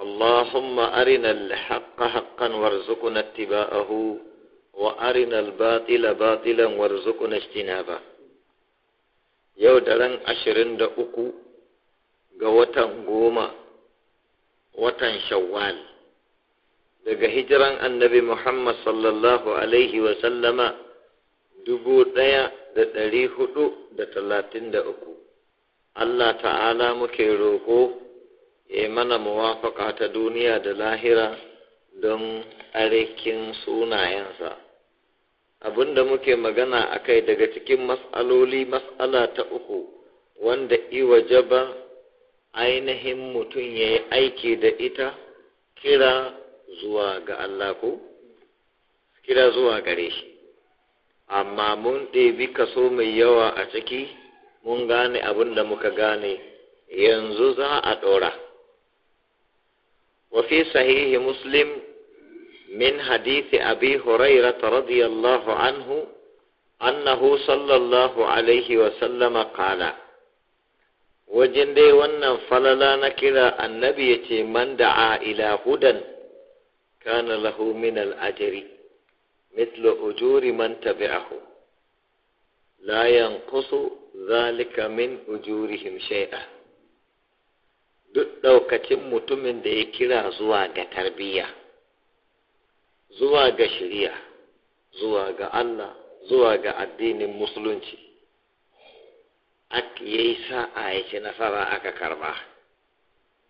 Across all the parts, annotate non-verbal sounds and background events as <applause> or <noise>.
اللهم أرنا الحق حقا وارزقنا اتباعه وأرنا الباطل باطلا وارزقنا اجتنابه yau daren ashirin da uku ga watan goma watan shawwal daga hijiran annabi Muhammad sallallahu Alaihi wasallama dubu ɗaya da ɗari hudu da talatin da uku Allah ta'ala muke roƙo ya mana muwafaka ta duniya da lahira don arikin sunayensa abin da muke magana a kai daga cikin mas'aloli matsala ta uku wanda ba ainihin mutum ya yi aiki da ita kira zuwa ga Allah ko kira zuwa gare shi amma mun ɗebi kaso mai yawa a ciki mun gane abin da muka gane yanzu za a ɗora وفي sahihi muslim min حديث أبي هريرة رضي الله عنه أنه صلى الله عليه وسلم قال wajen dai wannan falala na kira annabi ya ce man da'a ila hudan kana lahu min al'ajari mithlu ujuri man tabi'ahu la yanqusu zalika min ujurihim shay'a duk ɗaukacin mutumin da ya kira zuwa ga tarbiyya zuwa ga shiriya zuwa ga Allah zuwa ga addinin musulunci ya yi sa'a ya ci nasara aka karba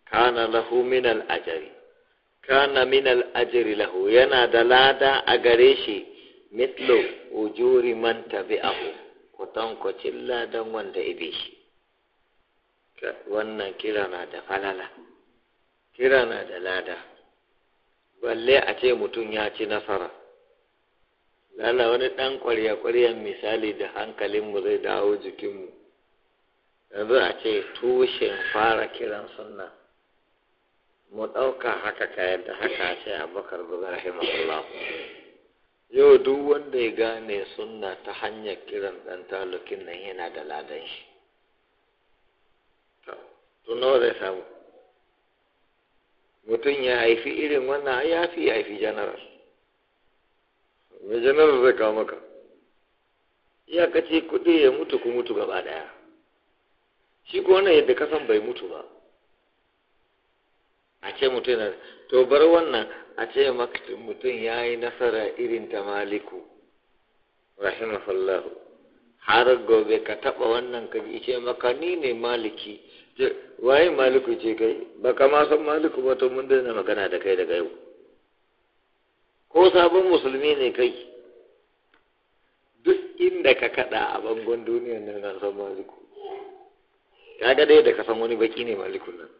kana lahu min al'ajari kana min al'ajari lahu yana da lada a gare shi mitlo ujuri man tabi'ahu kwatankwacin ladan wanda ibe shi wannan kira na da falala kira na da lada balle a ce mutum ya ci nasara lala wani ɗan ƙwarya-ƙwaryan misali da hankalinmu zai dawo jikinmu yanzu a ce tushen fara kiran sunna mu ɗauka haka ka yadda haka ce abubakar rahim rahimahullah yau duk wanda ya gane sunna ta hanyar kiran ɗan talukin nan yana da ladan shi to nawa zai samu mutum ya haifi irin wannan ya fi ya haifi janaral mai janaral zai kawo maka ya kace kuɗi ya mutu ku mutu gaba daya shi ko wannan yadda kasan bai mutu ba a ce mutum na to bar wannan a ce mutum ya yi nasara irin ta maliku rahimahullahu har gobe ka taɓa wannan ka ce maka ni ne maliki waye maliku ce kai ba kama san maliku ba to mun daina magana da kai daga yau ko sabon musulmi ne kai duk inda ka kada a bangon duniyar nan na san maliku ga dai da ka san wani baki ne maliku nan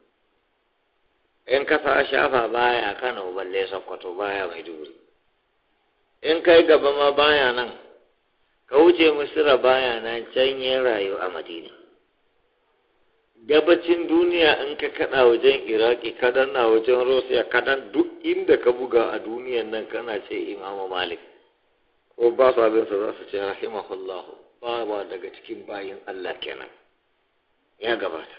in ka sa shafa baya kano balle sokoto baya mai duri in kai gaba ma baya nan ka wuce misira baya nan can yin rayu a madina gabacin duniya in ka kada wajen iraki kadan na wajen russia kadan duk inda ka buga a duniyan nan kana ce imamu malik ko ba su abin za su ce rahimahullahu ba ba daga cikin bayin allah kenan ya gabata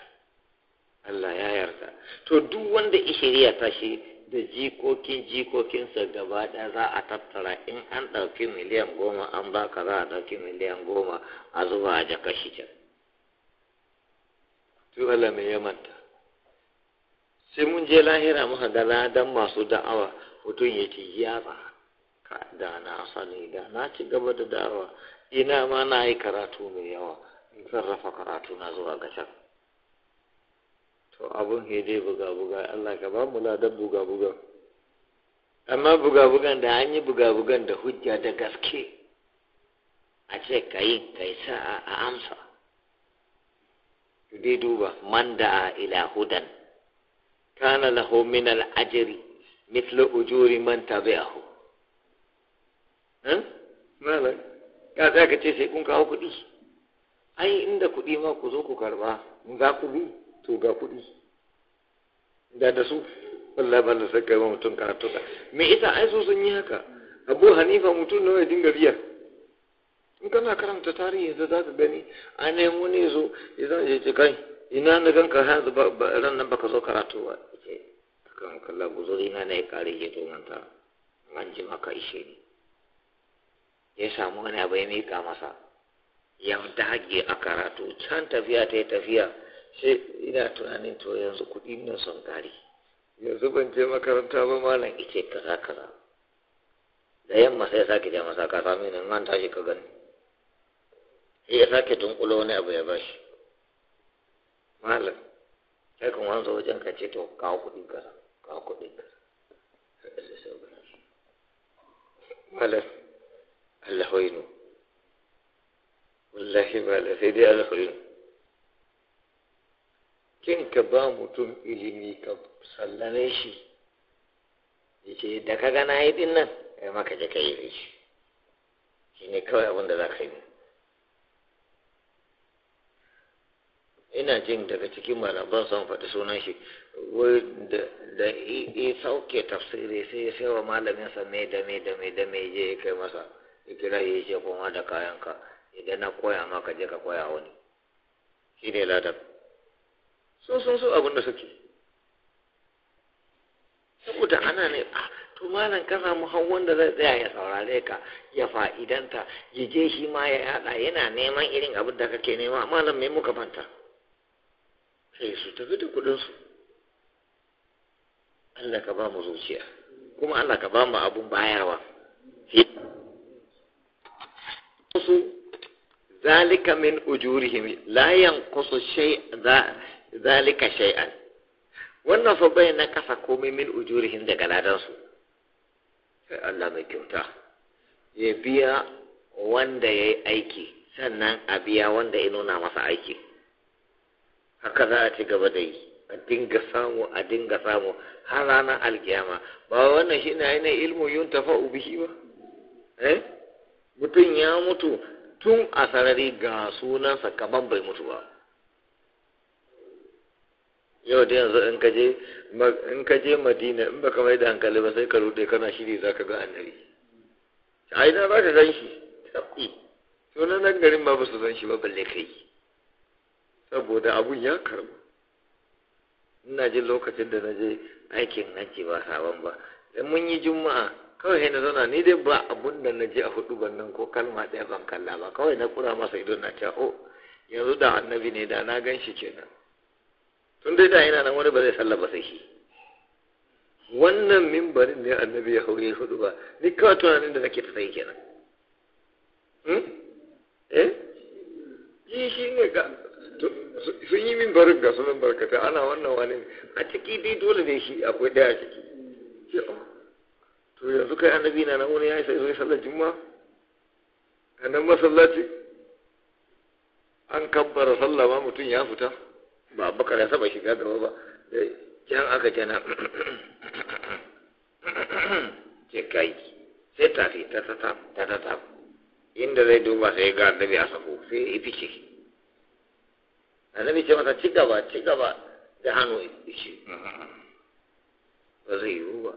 allah ya yarda to duk wanda ishiriya ta shi da jikokin jikokinsa gaba ɗaya za a tattara in an ɗauki miliyan goma an baka za a ɗauki miliyan goma a zuba a jaka shi can sai Allah mai yamanta sai mun je lahira muka ga ladan masu da'awa mutum ya ce ya ba da na sani da na ci gaba da da'awa ina ma na yi karatu mai yawa in sarrafa karatu na zuwa ga can to abun hede buga buga Allah ka ba mu ladan buga buga amma buga bugan da an yi buga bugan da hujja da gaske a ce ka yi kai sa a amsa dai duba man da'a ila hudan kana lahu min al-ajri mithlu ujuri man tabi'ahu eh hmm? malai ya za ka ce sai kun kawo kuɗi ai inda kuɗi ma ku zo ku karba za ku bi to ga kuɗi da da su wallahi ba da saka mutum karatu me ita ai su sun yi haka abu hanifa mutum nawa ya dinga biyar in kana karanta tarihi da za ka gani a nemo wani zo ya je ce kai ina na gan ka yanzu ran nan baka zo karatu ba ce kan kalla buzuri na ne kare je to ta an ji maka ishe ni ya samu wani abu ya mika masa ya dage a karatu can tafiya ta yi tafiya sai ina tunanin to yanzu kuɗi nan sun kare yanzu ban je makaranta ba malam ice kaza kaza da yamma sai sake je masa ka sami nan an tashi ka gani ya sake kulo wani abu ya bashi malam sai kan wanzu wajen ka ce to kawo kuɗin kasa kawo kuɗin kasa malam Allah wainu wallahi malam sai dai Allah wainu kin ka ba mutum ilimi ka sallane shi ya ce da ka gana yi nan ya maka je ka yi shi ne kawai abin da za ka yi ina jin daga cikin malaman san faɗi sunan shi da ya sauke tafsiri sai ya wa malamin sa me da me da me da me je ya kai masa ya kira ya ce kuma da kayanka idan na koya maka je ka koya wani shi ne ladar sun sun so abin da suke saboda ana ne a ah, to malam ka samu har wanda zai tsaya ya saurare ka ya fa'idanta ya je shi ma ya yada yana neman irin abin da kake nema malam me muka fanta sai eh, su tafi da kudinsu Allah ka ba mu zuciya kuma Allah ka ba mu abun bayawa su zalika min ujurihim la yanqusu shay zalika shay'an wannan fa bai na kasa komai min ujurihim daga ladansu sai Allah mai kyauta ya biya wanda ya yi aiki sannan a biya wanda ya nuna masa aiki haka za a ci gaba da yi a dinga samu a dinga samu har ranar alkiyama ba wannan shi na ainihin ilmu yun tafa ubihi ba eh mutum ya mutu tun a sarari ga sunansa kaban bai mutu ba yau da yanzu in ka je in kaje madina in baka mai da hankali ba sai ka rude kana shiri za ka ga annabi ai na ba ka zan shi sunan garin ba ba su zan shi ba balle kai saboda abun ya karbu ina jin lokacin da na je aikin hajji ba sabon ba da mun yi juma'a kawai na zauna ni dai ba abun da na je a hudu nan ko kalma ɗaya ban kalla ba kawai na kura masa ido na cewa oh yanzu da annabi ne da na gan shi kenan tun dai da yana nan wani ba zai sallah ba sai shi wannan mimbarin ne annabi ya haure hudu ba ni kawai tunanin da nake ta sai kenan hmm? eh shi ne ga sun yi min barin ga sunan barkata ana wannan wani a ciki dai dole ne shi akwai daya a ciki oh, to yanzu kai annabi na nan wani ya isa zai sallar juma'a a nan masallaci an kabbara sallah ma mutum ya fita ba bakar ya saba shiga gaba ba da eh, aka jana <coughs> ce kai sai tafi ta ta ta ta ta inda zai duba sai ga annabi a sako sai ya fice annabi ce masa ci gaba ci gaba da hannu ishe ba zai yiwu ba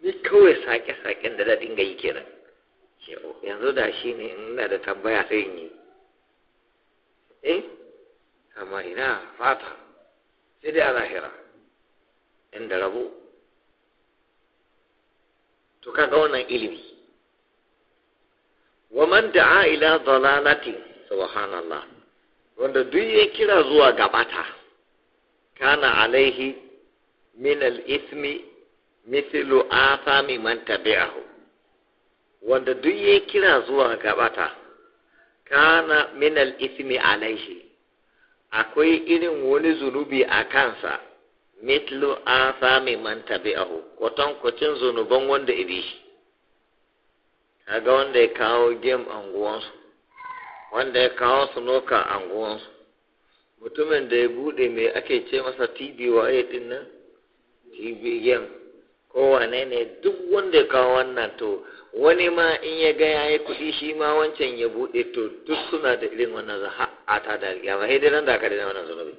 ni kawai sake-saken da daɗin ga yi kenan oh, yanzu da shi ne ina da tambaya sai yi eh amma ina fata sai dai a zahira inda rabo to kaga wannan ilimi wa man da'a ila dalalatin subhanallah wanda duk ya kira zuwa gabata kana alaihi min al ithmi mithlu athami man tabi'ahu wanda duk ya kira zuwa gabata kana min al-ismi alaihi akwai irin wani zunubi a kansa mithlu athami man tabi'ahu kwatankwacin zunuban wanda ibi kaga wanda ya kawo gem anguwansu wanda ya kawo su noka anguwansu mutumin da ya bude mai ake ce masa tv waye din nan tv yan kowane ne duk wanda ya kawo wannan to wani ma in ya ga ya yi kuɗi shi ma wancan ya bude to duk suna da irin wannan za a ta da ya ma hidiran da aka da wannan zunubi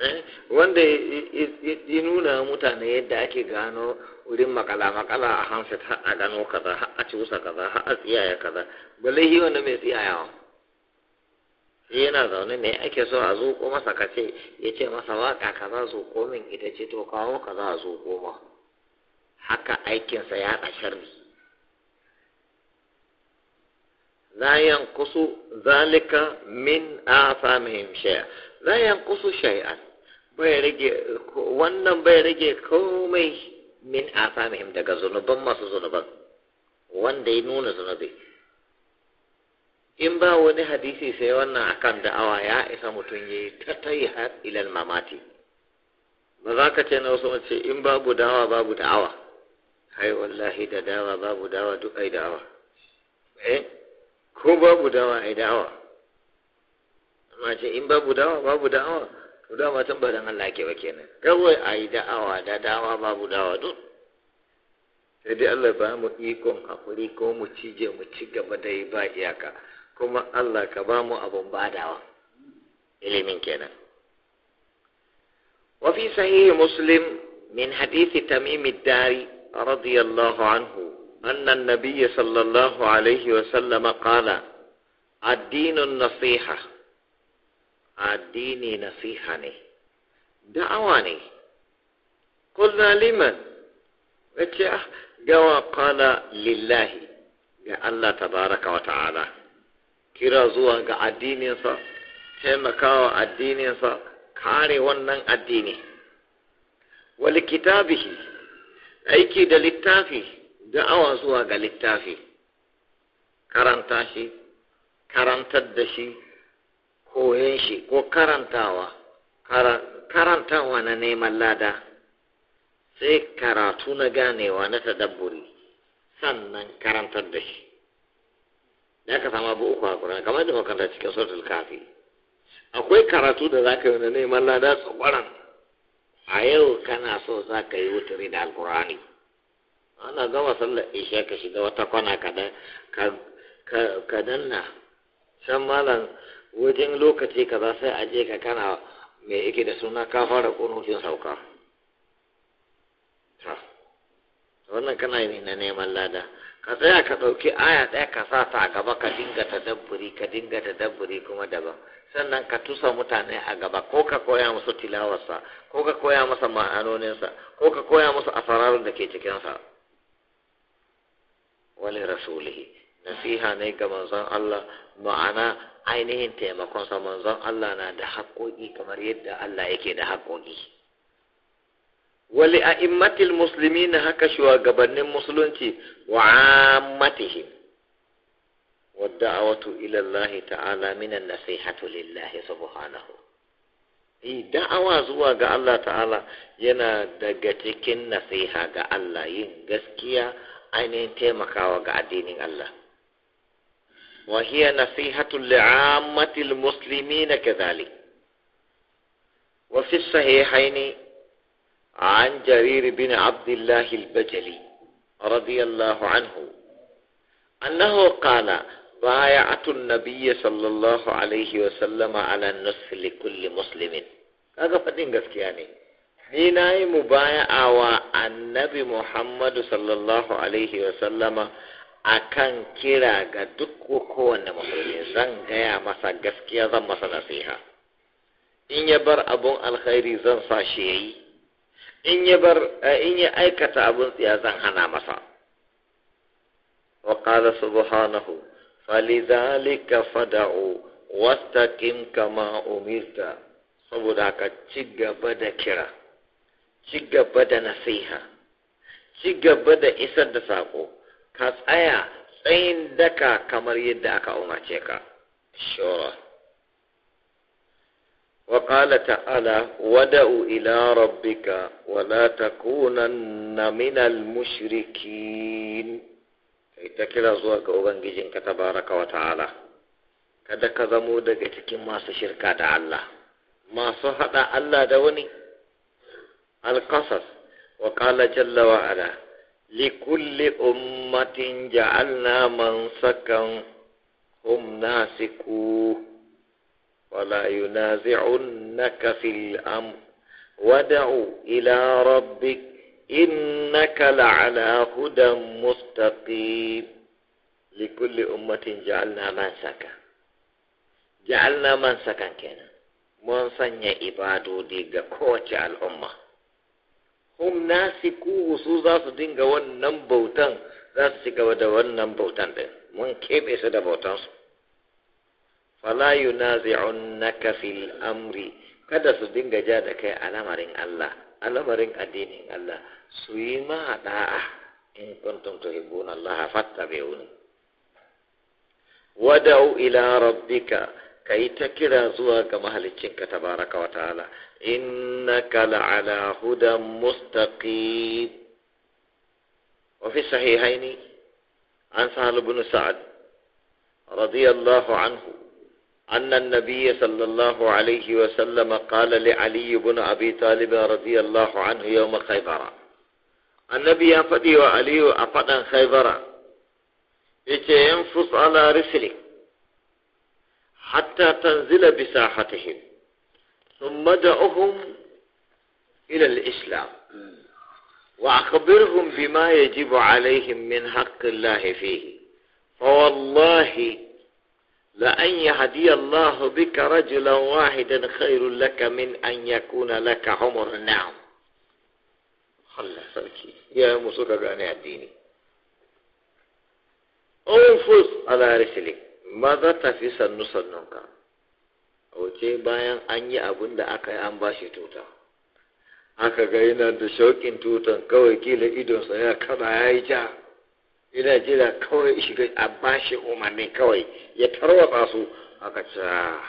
eh? wanda ya nuna mutane yadda ake gano wurin makala makala a hansa har a gano kaza har a cusa kaza har a tsiyaya kaza balle shi wanda mai tsiyayawa shi yana zaune me ake so a zuƙo masa ka ce ya ce masa waƙa kaza zuƙo min ita ce to kawo kaza a zuƙo ma haka aikinsa ya sharri zayan kusu zalika min a samun shay'a zayan kusu shay'an bai rage wannan bai rage komai min asamihim daga zunuban masu zunuban wanda ya nuna zunubi in ba wani hadisi sai wannan akan da'awa ya isa mutum ya yi ta tayi har ilal mamati ba za ka ce na wasu mace in babu dawa babu da'awa hai wallahi da dawa babu dawa duk ai da'awa eh ko babu dawa ai da'awa amma ce in babu dawa babu da'awa to dama tun ba dan Allah yake ba kenan kawai ayi da'awa da dama babu dawa duk sai dai Allah ba mu ikon hakuri ko mu cije mu ci gaba da yi ba iyaka kuma Allah ka ba mu abun badawa ilimin kenan وفي صحيح مسلم من حديث تميم الداري رضي الله عنه أن النبي صلى الله عليه وسلم قال الدين النصيحة addini nasiha ne da'awa ne kulna liman wace ah, gawa kala lillahi ga Allah tabaraka wa ta'ala kira zuwa ga addininsa taimakawa addininsa kare wannan addini wali kitabihi aiki da littafi da'awa zuwa ga littafi karanta shi karantar da shi koyon shi ko karantawa karantawa na neman lada sai karatu na ganewa na tadabburi sannan karantar da shi da ka samu abu uku a ƙuran kamar da makanta cikin sautul kafi akwai karatu da za ka yi na neman lada tsakwaran a yau kana so za ka yi wuturi da alkurani ana gama sallar isha ka shiga wata kwana ka danna san malam wajen lokaci kaza sai a je ka kana mai yake da suna ka fara kunufin sauka wannan kana yi na neman lada ka tsaya ka ɗauki aya ɗaya ka sa ta a gaba ka dinga ta dabburi ka dinga ta dabburi kuma daban sannan ka tusa mutane a gaba ko ka koya musu tilawarsa ko ka koya masa ma'anoninsa ko ka koya musu asararin da ke cikinsa wani rasulihi nasiha ne ga manzon Allah ma'ana ainihin taimakon sa manzon Allah na da haƙoƙi kamar yadda Allah yake da haƙoƙi wali a immatil musulmi na haka shugabannin musulunci wa ammatihim wadda'awatu ila Allah ta'ala minan nasihatu lillahi subhanahu da'awa zuwa ga Allah ta'ala yana daga cikin nasiha ga Allah yin gaskiya ainihin taimakawa ga addinin Allah وهي نصيحة لعامة المسلمين كذلك وفي الصحيحين عن جرير بن عبد الله البجلي رضي الله عنه أنه قال بايعت النبي صلى الله عليه وسلم على النصف لكل مسلم هذا فدين يعني ni na yi mubaya'a wa annabi Muhammadu sallallahu Alaihi wasallama akan kira ga duk kowanne musulmi zan gaya masa gaskiya zan masa nasiha in ya bar abun alkhairi zan sa shi yayi in ya bar eh, in ya aikata abun tsiya zan hana masa wa qala subhanahu falidhalika fad'u wastaqim kama umirta saboda ka ci gaba da kira ci gaba da nasiha ci gaba da isar da saƙo. ka tsaya tsayin daka kamar yadda aka umarce ka shura wa qala ta'ala wada'u ila rabbika wa la takunanna minal mushrikin ita kira zuwa ga ubangijinka tabaraka wa ta'ala kada ka zamo daga cikin masu shirka da Allah masu haɗa Allah da wani al-qasas wa qala jalla wa ala likulli ummatin ja'alna mansakan hum nasiku wala yunazi'unnaka fil amr wad'u ila rabbik innaka la'ala hudan mustaqim likulli ummatin ja'alna mansaka ja'alna mansakan kenan mun sanya ibadodi ga kowace al'umma hum nasiku su za su dinga wannan bautan za su ci gaba da wannan bautan din mun keɓe su da bautan su fala naka fil amri kada su dinga ja da kai al'amarin Allah al'amarin addinin Allah su yi ma da'a in kuntum tuhibbuna Allah fattabi'uni wada'u ila rabbika kai ta kira zuwa ga mahaliccinka tabaraka wa ta'ala إنك لعلى هدى مستقيم وفي الصحيحين عن سهل بن سعد رضي الله عنه أن النبي صلى الله عليه وسلم قال لعلي بن أبي طالب رضي الله عنه يوم خيبر النبي أفدي وعلي أفدا خيبر ينفص على رسلك حتى تنزل بساحتهم ثم دعهم إلى الإسلام وأخبرهم بما يجب عليهم من حق الله فيه فوالله لأن يهدي الله بك رجلا واحدا خير لك من أن يكون لك عمر نعم Allah sarki يا musu ka gane addini على رسلك ماذا maza wace bayan an yi abin da aka yi an ba shi tuta aka ga yana da shauƙin tutan kawai kila idonsa ya kada ya yi ja ina jira kawai shiga a ba shi umarni kawai ya tarwatsa su aka ce ah,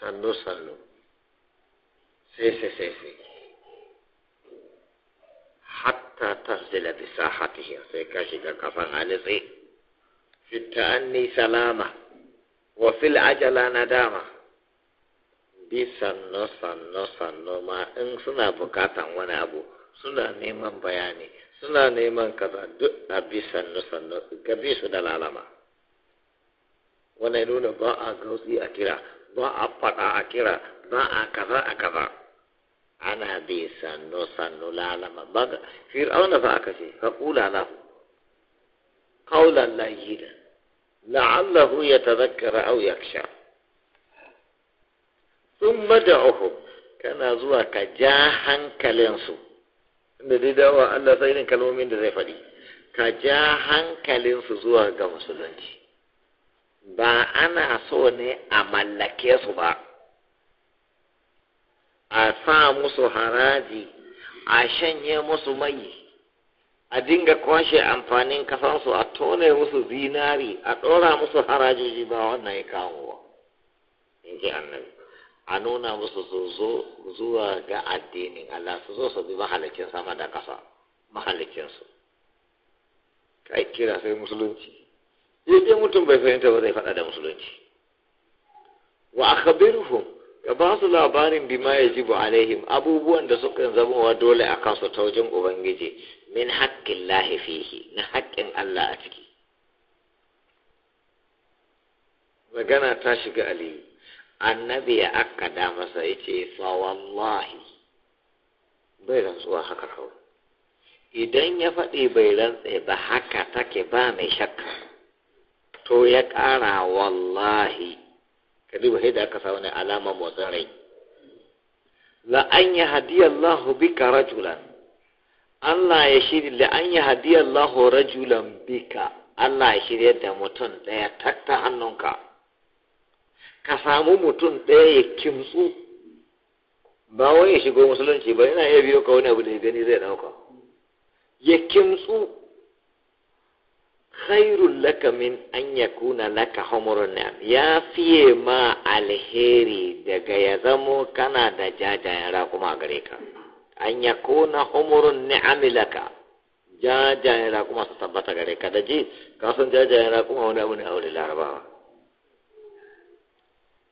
sannu sannu sai sai sai sai hatta zila bisa hatihin sai ka shiga kafan halitsi fita an ni salama wa fil ajala na dama bi sannu sannu sannu ma in suna bukatan wani abu suna neman bayani suna neman kaza duk a bi sannu sannu ka bi su da lalama ya nuna ba a gautsi a kira ba a fada a kira ba a kaza a kaza ana bi sannu sannu lalama ba fir'auna ba a kashe ka kula lahu qawlan da. لعله يتذكر أو يخشى ثم دعوهم كان زوا كجاها كلنسو inda dai dawa Allah sai irin kalmomin da zai faɗi ka ja hankalinsu zuwa ga musulunci ba ana so ne a mallake su ba a sa musu haraji a shanye musu mai a dinga kwashe amfanin kasansu a tone musu zinari a ɗora musu harajoji ba wannan ya kawo ba in ji annabi a nuna musu zuwa ga addinin Allah su zo su bi mahalikin sama da ƙasa mahalicinsu kai kira sai musulunci yadda mutum bai fahimta ba zai faɗa da musulunci wa akhbirhum ka ba su labarin bima yajibu alaihim abubuwan da suka zama wa dole a kansu Taujin ubangiji min haƙƙin lahi fihi na haƙƙin Allah a ciki magana ta shiga aliyu annabi ya akkada masa ya ce fa bai rantsuwa haka kawai idan ya faɗi bai rantse ba haka take ba mai shakka to ya ƙara wallahi ka duba sai da aka samu ne alama motsin rai la an yi hadiyallahu bika rajulan Allah ya shirya da an yi hadiyar Allahu rajulan bika Allah ya shirya da mutum ɗaya takta hannunka ka samu mutum ɗaya ya kimtsu ba wani ya shigo musulunci ba yana iya biyo ka wani abu da ya gani zai ɗauka ya kimtsu khairun laka min an kuna laka nan. ya fiye ma alheri daga ya zamo kana da jajayen raƙuma gare ka an yakuna humurun ni'amilaka jajayen kuma su tabbata gare ka da ji kasan jajayen kuma wani abu ne a wurin larabawa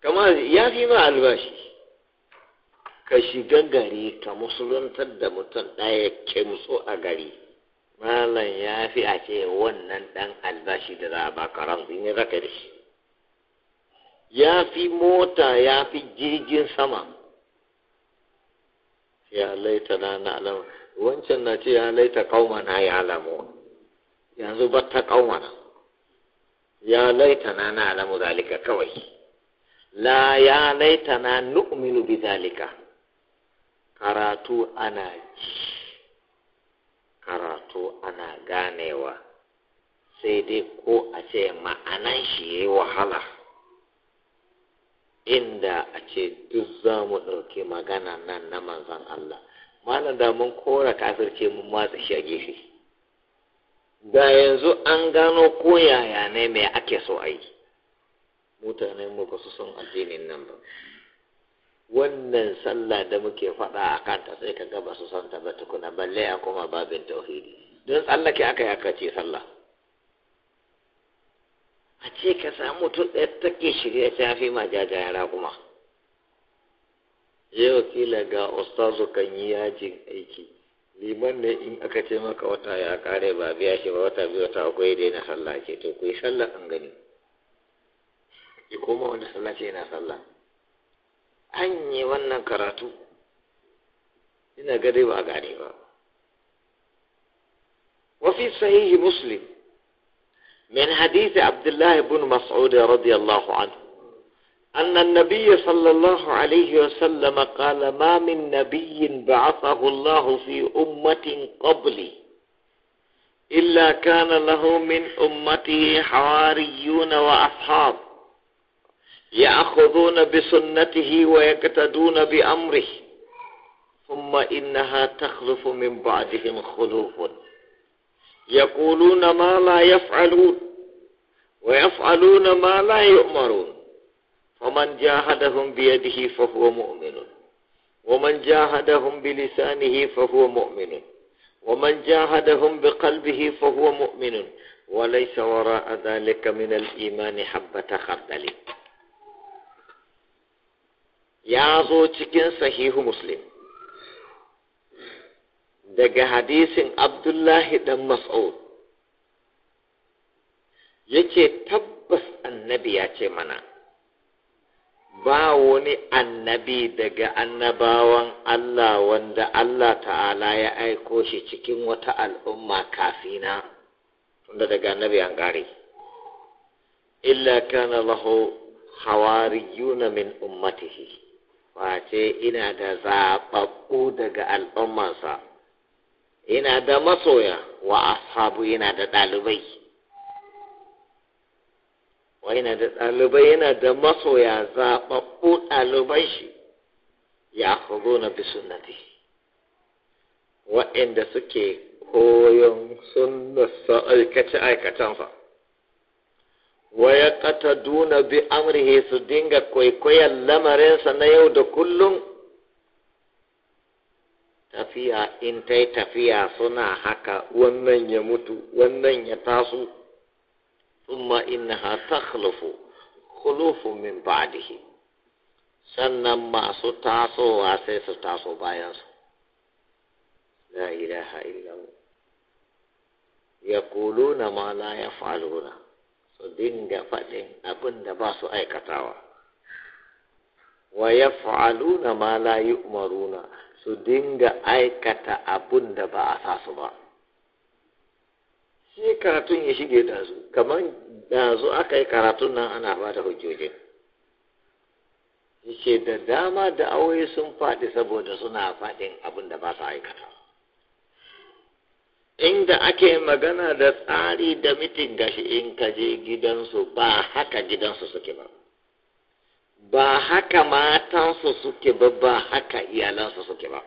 kama ya fi ma albashi ka shiga gari ka musuluntar da mutum ɗaya ke muso a gari malam ya fi a ce wannan ɗan albashi da za a baka ranzu ne zaka da shi ya fi mota ya fi jirgin sama ya laita na na wancan na ce ya laita na ya alamu yanzu ba ta kaumana ya laita na na alamu zalika kawai la ya laita na nu'minu bi zalika karatu ana karatu ana ganewa sai dai ko a ce ma'anan shi ya yi wahala inda a ce duk za mu ɗauki magana nan na manzan Allah malam da mun kora ce mun matsa shi a gefe da yanzu an gano ko yaya ne mai ake so a yi Mutane mu ba su son addinin nan ba wannan sallah da muke faɗa a kanta sai ka ga ba su son ta ba tukuna balle a kuma babin tauhidi don tsallake aka yi aka ce sallah a ce ka samu mutum ɗaya take shirya ta fi ma jajayen kuma ya wakila ga ustazu kan yi yajin aiki liman ne in aka ce maka wata ya kare ba biya shi ba wata biyu wata akwai dai na sallah ke to ku yi sallah an gani ya koma wanda sallah ce na sallah an yi wannan karatu ina ga dai ba gane ba wa fi sahihi muslim من حديث عبد الله بن مسعود رضي الله عنه أن النبي صلى الله عليه وسلم قال ما من نبي بعثه الله في أمة قبلي إلا كان له من أمته حواريون وأصحاب يأخذون بسنته ويقتدون بأمره ثم إنها تخلف من بعدهم خلوف يقولون ما لا يفعلون ويفعلون ما لا يؤمرون فمن جاهدهم بيده فهو مؤمن ومن جاهدهم بلسانه فهو مؤمن ومن جاهدهم بقلبه فهو مؤمن وليس وراء ذلك من الإيمان حبة خردل يا زو صحيح مسلم daga hadisin abdullahi dan mas'ud yake tabbas annabi ya ce mana ba wani annabi daga annabawan Allah wanda Allah ta'ala ya aiko shi cikin wata al'umma kafina tunda daga annabi an gare illa kana lahu hawariyuna min ummatihi wace ina da zaɓaɓɓu daga al'ummarsa yana da masoya wa ashabu yana da ɗalibai wa yana da ɗalibai yana da masoya zaɓaɓɓu ɗalibai shi ya hudu na bi sunnati waɗanda suke koyon sunnarsa aikace aikacensa wa ya ƙata duna bi amurhe su dinga kwaikwayon lamarinsa na yau da kullum tafiya in ta yi tafiya suna haka wannan ya mutu wannan ya taso thumma innaha takhlufu khulufu min ba'dihi sannan masu tasowa sai su taso bayansu la Ya illallah yaquluna ma la na, su dinga faɗin abin da ba su aikatawa wa yaf'aluna ma la yu'maruna su dinga aikata abun da ba a sa su ba sai karatun ya shige da su kamar da su aka yi karatun nan ana ba da hujjojin yake da dama da aure sun faɗi saboda suna faɗin abun da ba su aikata inda ake magana da tsari da mitin gashi in ka je gidansu ba haka gidansu suke ba ba haka matansu suke ba ba haka iyalansu suke ba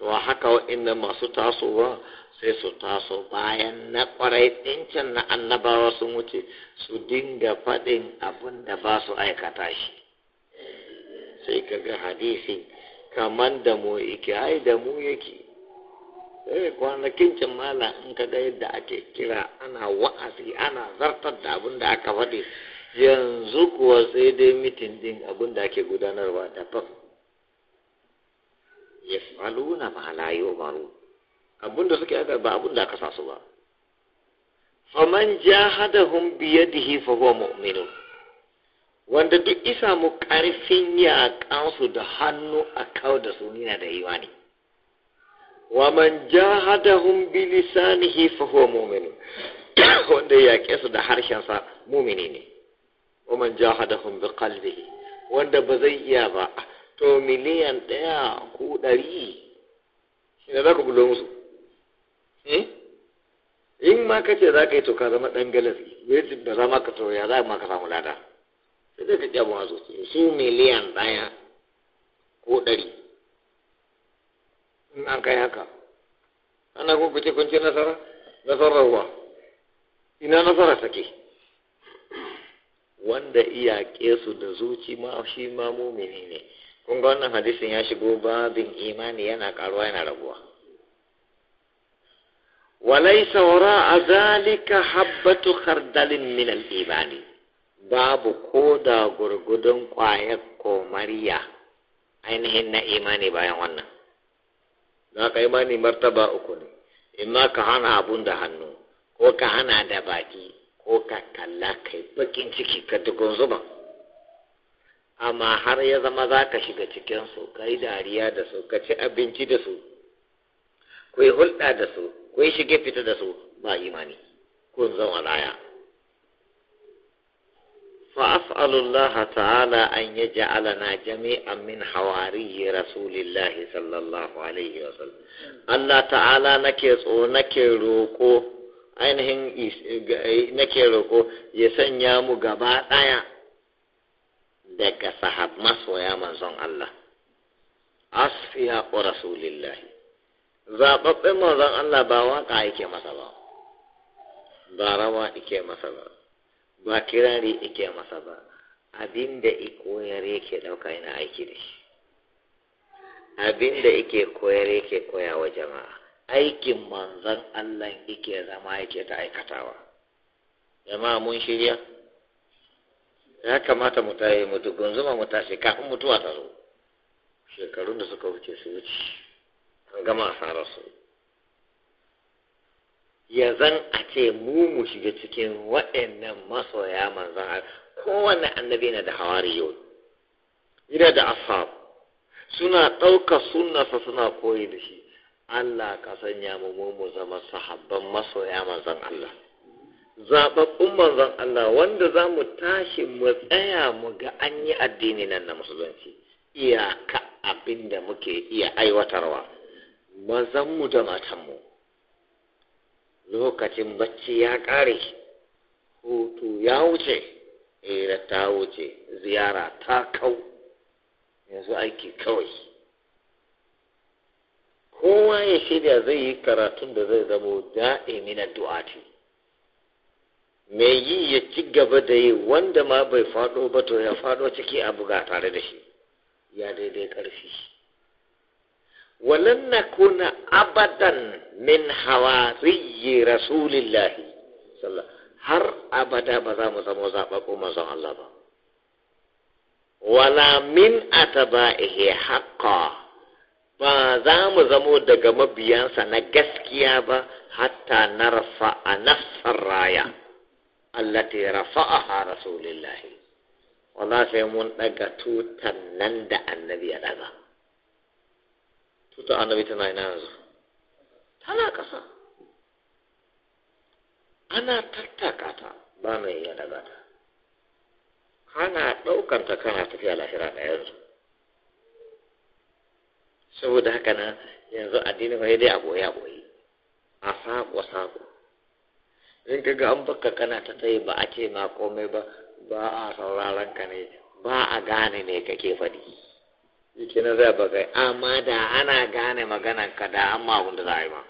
to haka wa'inda masu tasowa sai su taso bayan na kwarai ɗincin na annabawa sun wuce su dinga faɗin abin da ba su aikata shi sai ka ga hadisi kamar da mu yake ai da mu yake eh kwanakin cin mala in ka ga yadda ake kira ana wa'azi ana zartar da abin da aka faɗi yanzu kuwa sai dai mitin din abin da ake gudanarwa daban ya falu na ma'ala yi abin da suke aka ba abin da aka sa su ba faman jahadahum biyadihi fa huwa mu'minun wanda duk isa mu karfin yaƙansu da hannu a kawo da su nina da imani wa man jahadahum bi lisanihi fa huwa mu'minun <coughs> wanda ya yaƙe su da harshensa mumini ne wa man jahadahum bi qalbihi wanda ba zai iya ba to miliyan ɗaya ko ɗari shi ne za ka bulo musu in ma ka ce za ka yi to ka zama ɗan galafi wajin da za ma ka ya za ma ka samu lada sai zai ka ƙyabo masu su miliyan ɗaya ko ɗari in an kai haka ana kuma kuce kun ce nasara nasarar wa ina nasara take wanda iyaƙe su da zuci ma shi ma mumini ne kun ga wannan hadisin ya shigo babin imani yana karuwa yana rabuwa Walai wara a zalika habbatu khardalin min al-imani babu ko da gurgudun ƙwayar komariya ainihin na imani bayan wannan za ka imani martaba uku ne in ma ka hana abun da hannu ko ka hana da baki ko ka kalla kai bakin ciki ka dugun zuba amma har ya zama za ka shiga cikinsu ka yi dariya da su ka ci abinci da su ku yi hulɗa da su ku yi shige fita da su ba imani kun zama laya فأسأل الله تعالى أن يجعلنا جميعا من حواري رسول الله صلى الله عليه وسلم الله تعالى نكي nake روكو ainihin eh, nake roƙo ya sanya mu gaba ɗaya daga sahab masoya manzon Allah asfiya ko rasulillahi zaɓaɓɓen manzon Allah ba waƙa yake masa ba ba rawa yake masa ba ba kirari yake masa ba abin da koyar yake ɗauka yana aiki da shi abin da yake koyar yake koya wa jama'a aikin manzan Allah yake zama yake ta aikatawa jama'a mun shirya ya kamata mu tayi mutu gunzuma mu tashi kafin mutuwa ta zo shekarun da suka wuce su wuce an gama asarar su ya zan a ce mu mu shiga cikin waɗannan masoya manzan kowane annabi na da hawari yau ina da ashab suna ɗaukar sunnarsa suna koyi da shi Allah ka sanya mu mu mu zama sahabban masoya manzon Allah zababbun manzon Allah wanda za mu tashi mu tsaya mu ga an yi addini nan na musulunci iyaka abin da muke iya aiwatarwa mazanmu da matanmu lokacin bacci ya ƙare hutu ya wuce hira ta wuce ziyara ta kau yanzu aiki kawai kowa ya shirya zai yi karatun da zai zamo da'imi na du'ati mai yi ya ci gaba da yi wanda ma bai faɗo ba to ya faɗo ciki a buga tare da shi ya daidai ƙarfi walan na kuna abadan min hawa riyi rasulillahi har abada ba za mu zama zaɓaɓo mazan Allah ba wala min ataba'ihi haƙƙa. ba za mu zamo daga mabiyansa na gaskiya ba hatta na rafa a nafsar raya allati rafa'aha rasulillah wala sai mun daga tutan nan da annabi ya daga tutan annabi tana ina yanzu tana kasa ana tattaka ta ba mai iya daga ta kana ɗaukanta kana tafiya lahira na yanzu saboda haka na yanzu addini wai dai a boye a boye a sako sako in ka ga an baka kana ta tsaye ba a ce ma komai ba ba a sauraron ka ne ba a gane ne kake faɗi yake na zai bakai amma da ana gane maganan ka da an magun da za a yi ma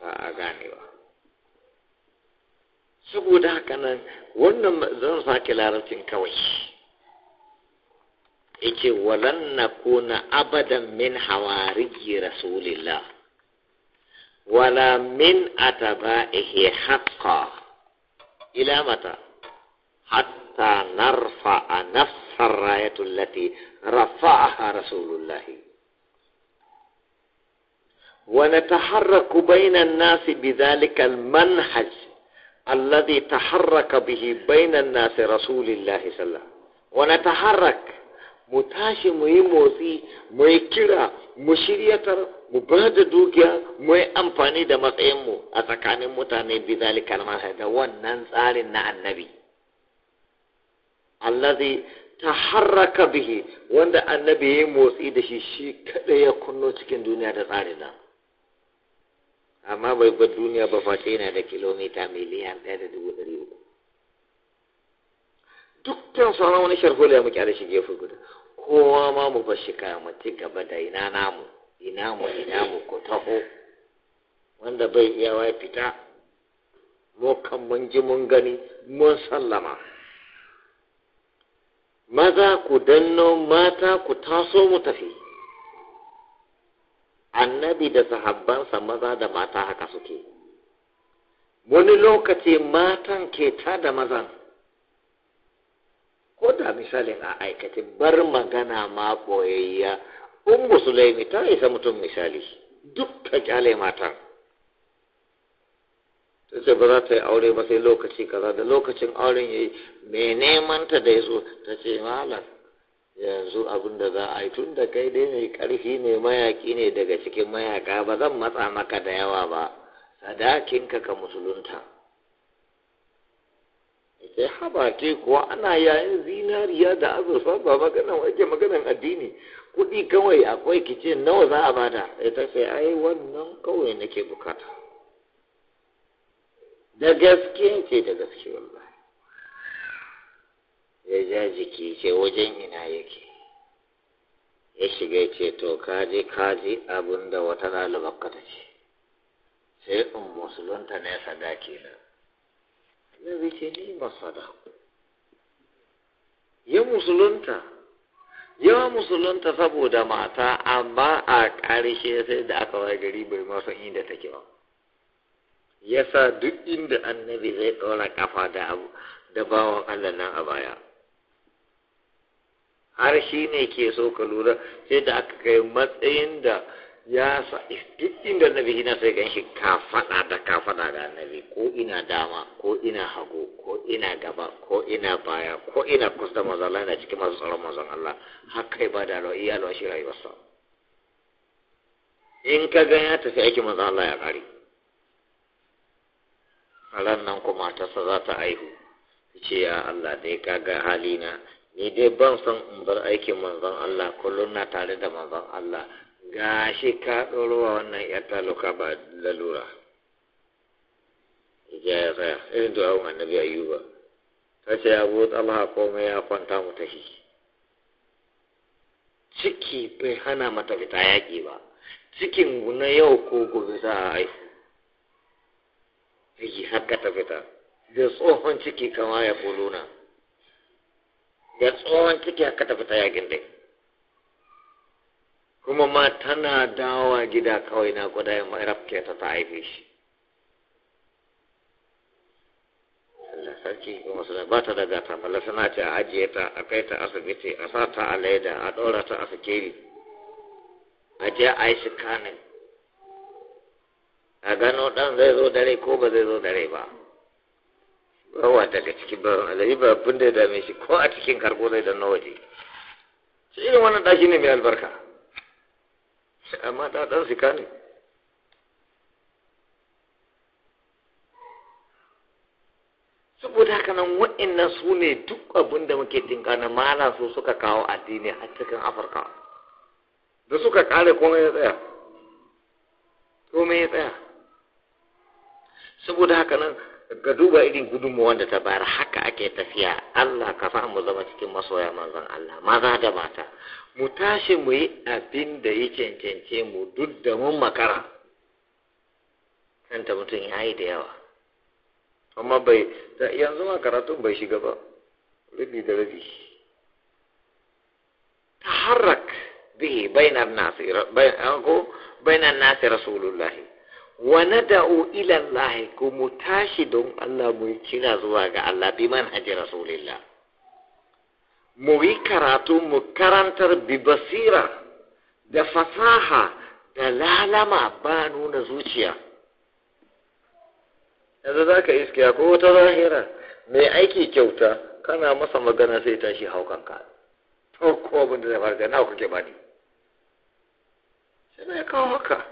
ba a gane ba saboda haka nan wannan zan sake larabcin kawai yake walan na kuna abadan min hawariji rasulillah wala min ataba'ihi haqqan ila mata hatta narfa nafsa rayatu allati rafa'aha rasulullah ونتحرك بين الناس بذلك المنهج الذي تحرك به بين الناس رسول الله صلى الله عليه وسلم ونتحرك mu tashi mu yi motsi mu yi kira mu shiryatar mu ba da dukiya mu yi amfani da matsayinmu a tsakanin mutane bizali kalmar da wannan tsarin na annabi allazi ta harraka bihi wanda annabi ya yi motsi da shi shi kada ya kunno cikin duniya da tsarin nan amma bai bar duniya ba face yana da kilomita miliyan ɗaya da dubu ɗari uku Duk dukkan sauran wani sharholi ya muke da ya fi guda kowa ma mu bashi kaya mu ci gaba da ina namu ina mu ina mu ko taho wanda bai iya ya fita mu kan mun ji mun gani mun sallama maza ku danno mata ku taso mu tafi annabi da sahabbansa maza da mata haka suke wani lokaci matan ke ta da mazan ko da misalin a aikace bar magana ma koyayya in musulmi ta isa mutum misali duk ta kyale matan. ta ce ba za ta yi aure ba sai lokaci kaza da lokacin auren ya yi mai neman ta da ya zo ta ce malam yanzu abin da za a yi tun da kai dai mai ƙarfi ne mayaƙi ne daga cikin mayaka ba zan matsa maka da yawa ba sadakinka ka musulunta sai eh, haba ke kuwa ana yayin zinariya da azurfa ba magana wake maganan addini kuɗi kawai akwai kice nawa za a bada eh, ta sai ai wannan kawai nake bukata da gaske ce da gaske wallahi ya ja jiki ce wajen ina yake ya shiga ce to kaji kaji abin da wata ɗalibar ka ta ce sai in musulunta ne sadaki na Nabi ce ni ba sadaku. Ya musulunta, ya musulunta saboda mata amma a ƙarshe sai da aka wa gari bai masu inda take ba. Ya sa duk inda annabi zai ɗora kafa da abu da bawan Allah nan a baya. Har shi ne ke so ka lura sai da aka kai matsayin da ya sa inda na bihi na sai gan shi ka faɗa da ka faɗa da annabi ko ina dama ko ina hagu ko ina gaba ko ina baya ko ina kusa da Allah yana cikin masu tsaron mazan Allah har kai ba da lawa iya lawa shi rayuwarsa in ka ga ya tafi aikin maza Allah ya ƙare a nan kuma sa za ta aihu ce ya Allah dai ka ga halina ni dai ban son in bar aikin manzon Allah kullum na tare da manzon Allah ga shi ka ɗorowa wannan ‘yar taluka ba lalura ya ya tsaya irin da yawon annabi ba. ta ce ya bu tsalha komai ya kwanta mu shi ciki bai hana mata fita yaƙi ba cikin na yau ko gobe za a haihu yi haka ta fita da tsohon ciki kama ya kuluna da tsohon ciki haka ta fita yaƙin dai kuma ma tana dawowa gida kawai na guda ya rafke ta ta haife shi Allah sarki kuma suna ba ta daga ta balla suna ce a ajiye ta a kai ta asibiti a sa ta a laida a ɗora ta a sikeli a je a yi shikanin a gano ɗan zai zo dare ko ba zai zo dare ba Rawa daga cikin ba alayi ba abin da ya dame shi ko a cikin karko zai dan na waje shi irin wannan ɗaki ne mai albarka amma ɗaɗan sika ne saboda haka nan wa'annan su ne duk abin da muke tinkana mana su suka kawo addini a cikin afirka da suka kare komai ya tsaya komai ya tsaya saboda haka nan ga duba irin gudunmuwan da ta bayar haka ake tafiya Allah ka sa mu zama cikin masoya manzon Allah maza da mata mu tashi mu yi abin da ya cancance mu duk da mun makara kanta mutum ya yi da yawa amma bai yanzu ma karatun bai shiga ba rabi da rabi ta harrak bihi bainar nasirar. ko bainar nasi rasulullahi wa nada'u ila Allah ko mu tashi don Allah mu kira zuwa ga Allah bi manhajin rasulillah mu yi karatu mu karantar bibasira da fasaha da lalama ba nuna zuciya yanzu za ka iske ko wata zahira mai aiki kyauta kana masa magana sai tashi haukanka to ko abin da zai gana na kuke bani sai na kawo haka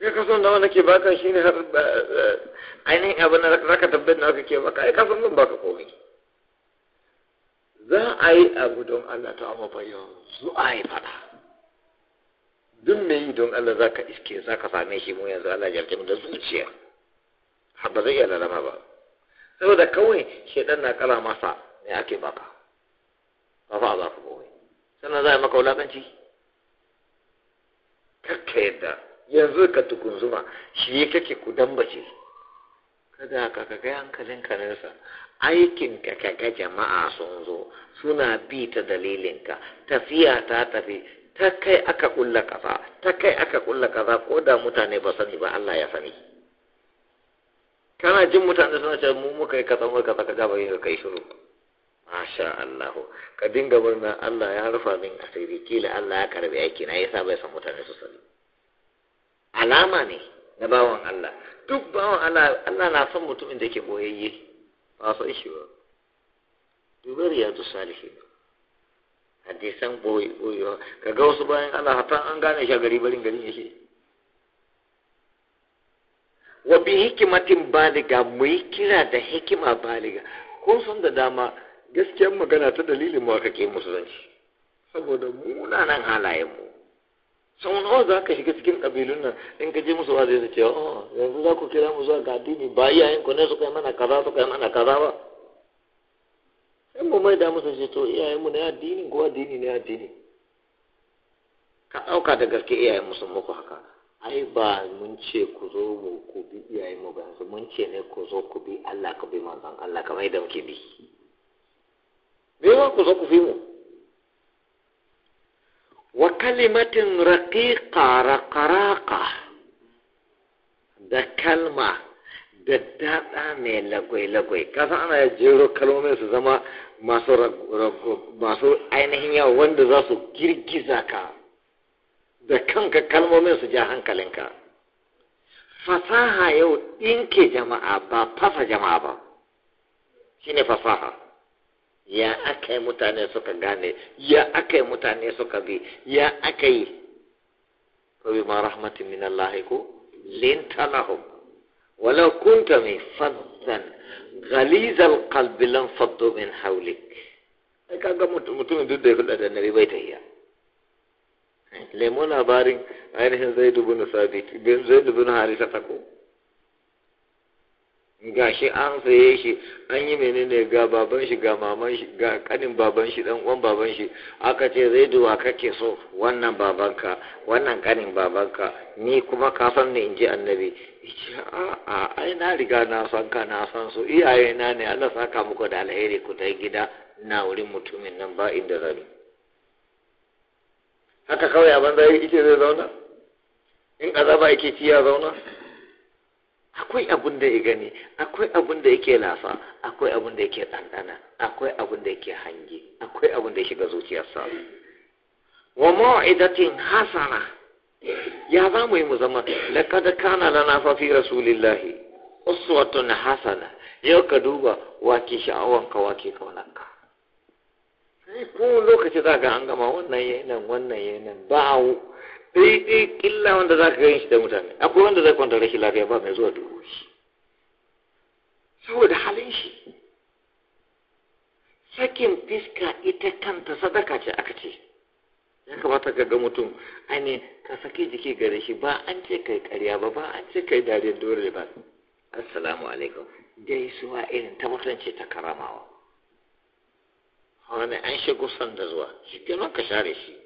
sai ka son da wanda ke baka ne har eh, eh, ainihin abin da raka tabbatar na kake baka ai ka san zan baka komai za a yi abu don Allah ta amma fa yanzu a yi fada duk mai yi don Allah za ka iske za ka same shi mu yanzu Allah ya mu da zuciya har ba zai iya lalama ba saboda kawai shaidan na kala masa ne ake baka ba fa za ku kawai sannan za a yi maka wulakanci kakka yadda yanzu ka tukun zuma shi kake ku dambace kada ka ga hankalin kanarsa aikinka ka ga jama'a sun zo suna bi ta dalilinka tafiya ta tafi ta kai aka kulla kaza ta kai aka kulla kaza ko da mutane ba sani ba Allah ya sani kana jin mutane suna cewa mu muka yi kaza muka kaza kaza ba yin kai shiru masha Allah ka dinga murna Allah ya rufa min asiri kila Allah ya karbi aiki na yasa bai san mutane su sani alama ne na bawan Allah duk bawan Allah Allah na son mutumin da yake boyayye ba san ishi ba dubi riyadu salihin hadisan boye ka ga wasu bayan ana hatan an gane shi a gari barin garin yake wa bi hikimatin baliga mu kira da hikima baliga ko san da dama gaskiyar magana ta dalilin mu aka ke musulunci saboda munanan halayenmu mu sau nawa za ka shiga cikin ƙabilun nan in ka je musu wa zai zace oh yanzu za ku kira mu zuwa ga addini ba iya ku ne suka yi mana kaza suka yi mana kaza ba in mu mai da musu ce to iyayen mu na addini ko addini ne addini ka ɗauka da gaske iyayen mu sun muku haka ai ba mun ce ku zo mu ku bi iyayen mu ba yanzu mun ce ne ku zo ku bi Allah ku bi manzon Allah kamar yadda muke bi me ma ku zo ku fi mu wa kalimatin raƙiƙa raƙaraƙa da kalma da daɗa mai lagwai-lagwai kasa ana ya jero kalmomin su zama masu ainihin yawa wanda za su girgiza ka da kanka kalmomin su ja hankalinka fasaha yau ɗinke jama'a ba fasa jama'a ba shine fasaha ya aka yi mutane suka gane ya aka yi mutane suka bi ya aka yi rabi ma rahmatin min Allah ko linta lahu wala kunta mai faddan ghalizal qalbi lan faddu min hawlik ai kaga mutum duk da ya fada da nabi bai tahiya eh, lemo labarin ainihin zaidu bin sabit bin zaidu bin harisa ta ko ga shi an saye shi an yi menene ga baban shi ga maman shi ga kanin baban shi dan uwan baban shi aka ce zai duwa kake so wannan babanka wannan kanin babanka ni kuma ka san ne inji annabi yace a a ai na riga na san ka na san su iyaye na ne Allah saka muku da alheri ku tai gida na wurin mutumin nan ba inda zabi haka kawai a da yake zai zauna in azaba yake ciya zauna akwai abin da ya gani akwai abin da yake lafa akwai abin da yake ɗanɗana akwai abin da yake hange akwai abin da ya shiga zuciyarsa wa mu'idatin hasana ya za mu yi mu zama laqad kana lana fa fi rasulillahi uswatun hasana yau ka duba wake sha'awanka wake Sai ko lokaci za ga an gama wannan yayin nan wannan yayin nan ba sai dai illa wanda za ka gani shi da mutane akwai wanda zai kwanta rashin lafiya ba mai zuwa duhu shi saboda halin shi sakin fiska ita kanta sadaka ce aka ce ya kamata ka ga mutum ne ka sake jiki gare shi ba an ce kai karya ba ba an ce kai dare dole ba assalamu alaikum dai suwa irin ta mutunci ta karamawa wani an shigo sanda zuwa shi ka share shi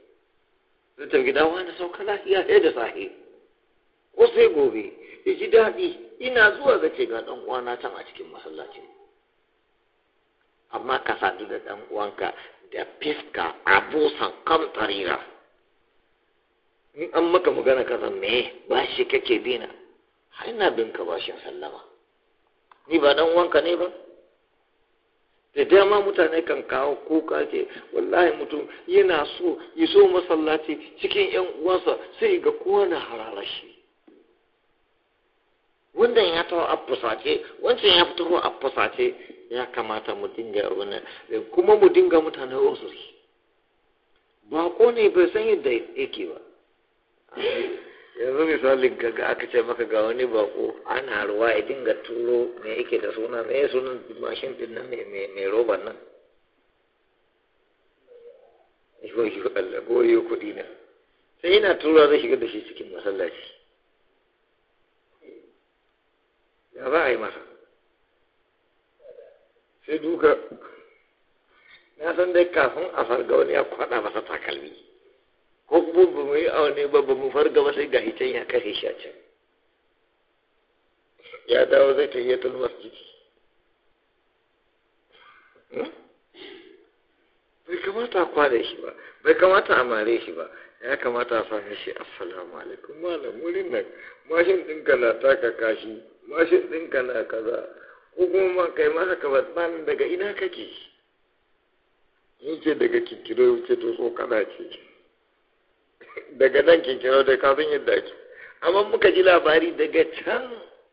ya gida gida wani sauka lafiya sai da safe ko sai gobe ya ji daɗi ina zuwa ga ce ga ɗan uwana can a cikin masallaci amma ka sadu da ɗan uwanka da fiska a busan kam tarira in an maka magana ka san me ba shi kake bina har ina bin ka bashin sallama ni ba ɗan uwanka ne ba da dama mutane kan kawo kuka ce wallahi mutum yana so ya so masallaci cikin yan uwansa sai ga kowa na hararashi wannan ya taho a fusace wancan ya fito a fusace ya kamata mu dinga wannan kuma mu dinga mutane usuri ba ko ne bai san yadda yake ba yanzu misalin kaga aka ce maka ga wani bako ana ruwa ya dinga turo me yake da suna me sunan mashin din nan mai roba nan yoyo Allah goyo kuɗi na sai yana turo zai shiga da shi cikin masallaci ya za a yi masa sai duka na san dai kafin a farga wani ya kwada masa takalmi ko kuma ba mu yi aune ba ba mu farga ba sai ga hitan ya kashe shi a can ya dawo zai ta yatul masjid hmm? bai kamata a kware shi ba bai kamata a mare shi ba ya kamata a sami shi assalamu alaikum malam wurin nan mashin ɗinka na taka kashi mashin ɗinka na kaza ko kuma ma kai ma haka ba ban daga ina kake yake daga kikiro wuce to so kana ce daga nan kinkiro da kafin yadda ake amma muka ji labari daga can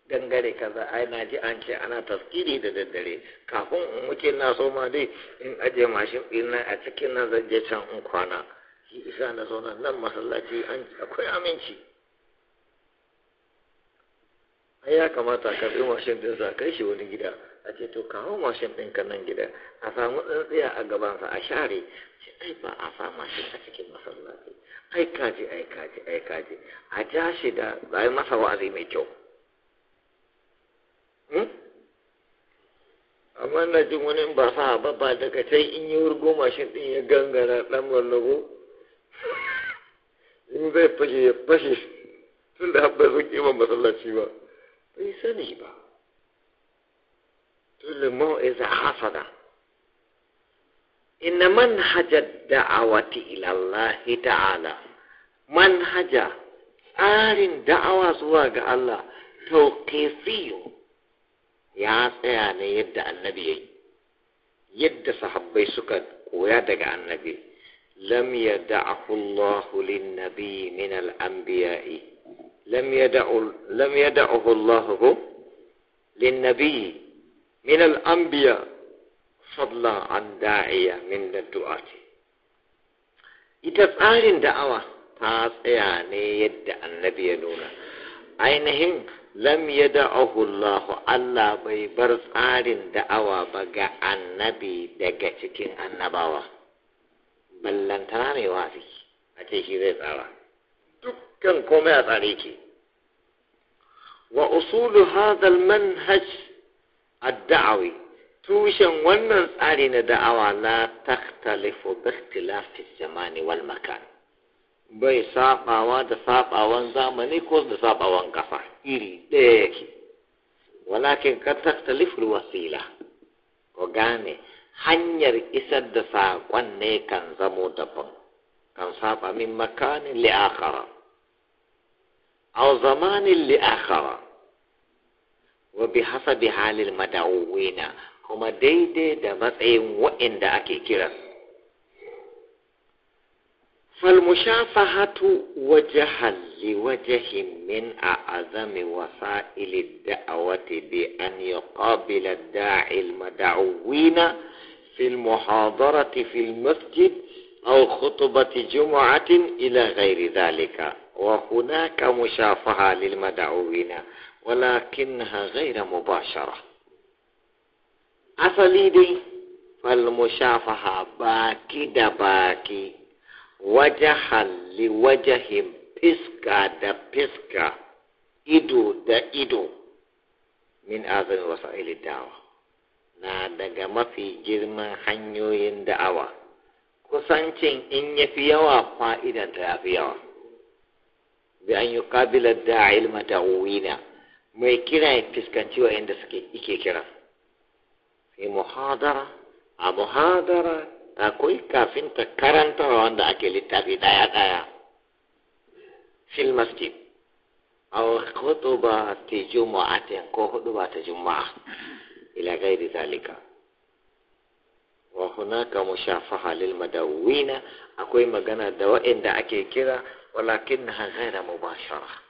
gangare kaza ai na ji an ce ana taskiri da daddare kafin in wuce na so ma dai in aje mashin din a cikin nan zan je can in kwana shi isa na so nan masallaci an akwai aminci ai ya kamata ka bi mashin din sa kai shi wani gida a ce to kawo mashin ɗin ka nan gida a samu tsintsiya a gabansa a share ce ai ba a sa mashin a cikin masallaci ai kaji ai kaji ai kaji a ja shi da yi masa wa'azi mai kyau hmm? amma na jin wani ba sa ba ba daga can in yi wurgo mashin ɗin ya gangara ɗan wallago <laughs> in zai fashe ya fashe tun da haɓɓa sun ƙiman masallaci ba bai sani ba الماء إذا حصد إن منهج الدعوة إلى الله تعالى منهج tsarin da'awa zuwa ga Allah tauqifiyo ya tsaya ne yadda annabi yayi yadda sahabbai suka koya daga annabi lam yada'ahu Allah lin-nabi min al-anbiya'i lam yada'u lam yada'ahu Allah lin-nabi min al'ambiya fadla an da'iya min da du'a ce ita tsarin da'awa ta tsaya ne yadda annabi ya nuna ainihin lam ya da'ahu Allah Allah bai bar tsarin da'awa ba ga annabi daga cikin annabawa ballantana mai wasi a ce zai tsara dukkan komai a tsare ke wa usulu hadha manhaj ad-da'awi tushen wannan tsari na da'awa na takhtalifu bi zamani bai sabawa da sabawan zamani ko da sabawan kafa iri ɗaya yake walakin ka takhtalifu wasila ko gane hanyar isar da saƙon ne kan zamo daban kan saba min makanin li'akara aw zamanin li'akara وبحسب حال المدعوين كما ديدي دا مطعيم وإن دا أكيكرا فالمشافهة وجهل لوجه من أعظم وسائل الدعوة بأن يقابل الداعي المدعوين في المحاضرة في المسجد أو خطبة جمعة إلى غير ذلك وهناك مشافهة للمدعوين ولكنها غير مباشرة أصلي دي فالمشافهة باكي دباكي وجها لوجه فسكا دفسكا إدو دا إدو من أعظم وسائل الدعوة na daga mafi girman hanyoyin da'awa kusancin in yafi yawa fa'idan ta fi bi an yi kabila da ilma mai kira ya fuskanci wa yadda suke ike kira sai muhadara a muhadara akwai kafin ta karantarwa wanda ake littafi daya daya fil masjid aw khutuba ta jumu'atin ko hutuba ta juma'a ila ghairi zalika wa hunaka mushafaha lil madawwina akwai magana da wa'anda ake kira walakinnaha ghaira mubashara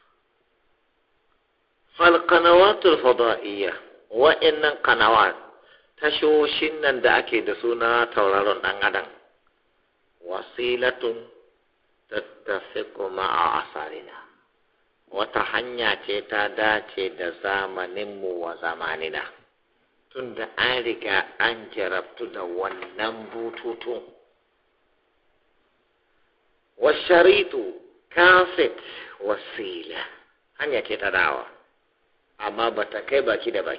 falkanawatul fada'iyya wa'annan kanawat tashoshin nan da ake da suna tauraron dan adam wasilatun tattafiqu a asarina wata hanya ce ta dace da zamaninmu wa zamanina tunda an riga an jarabtu da wannan bututun washaritu kafet wasila hanya ce ta dawa اما بتکه باکی ده با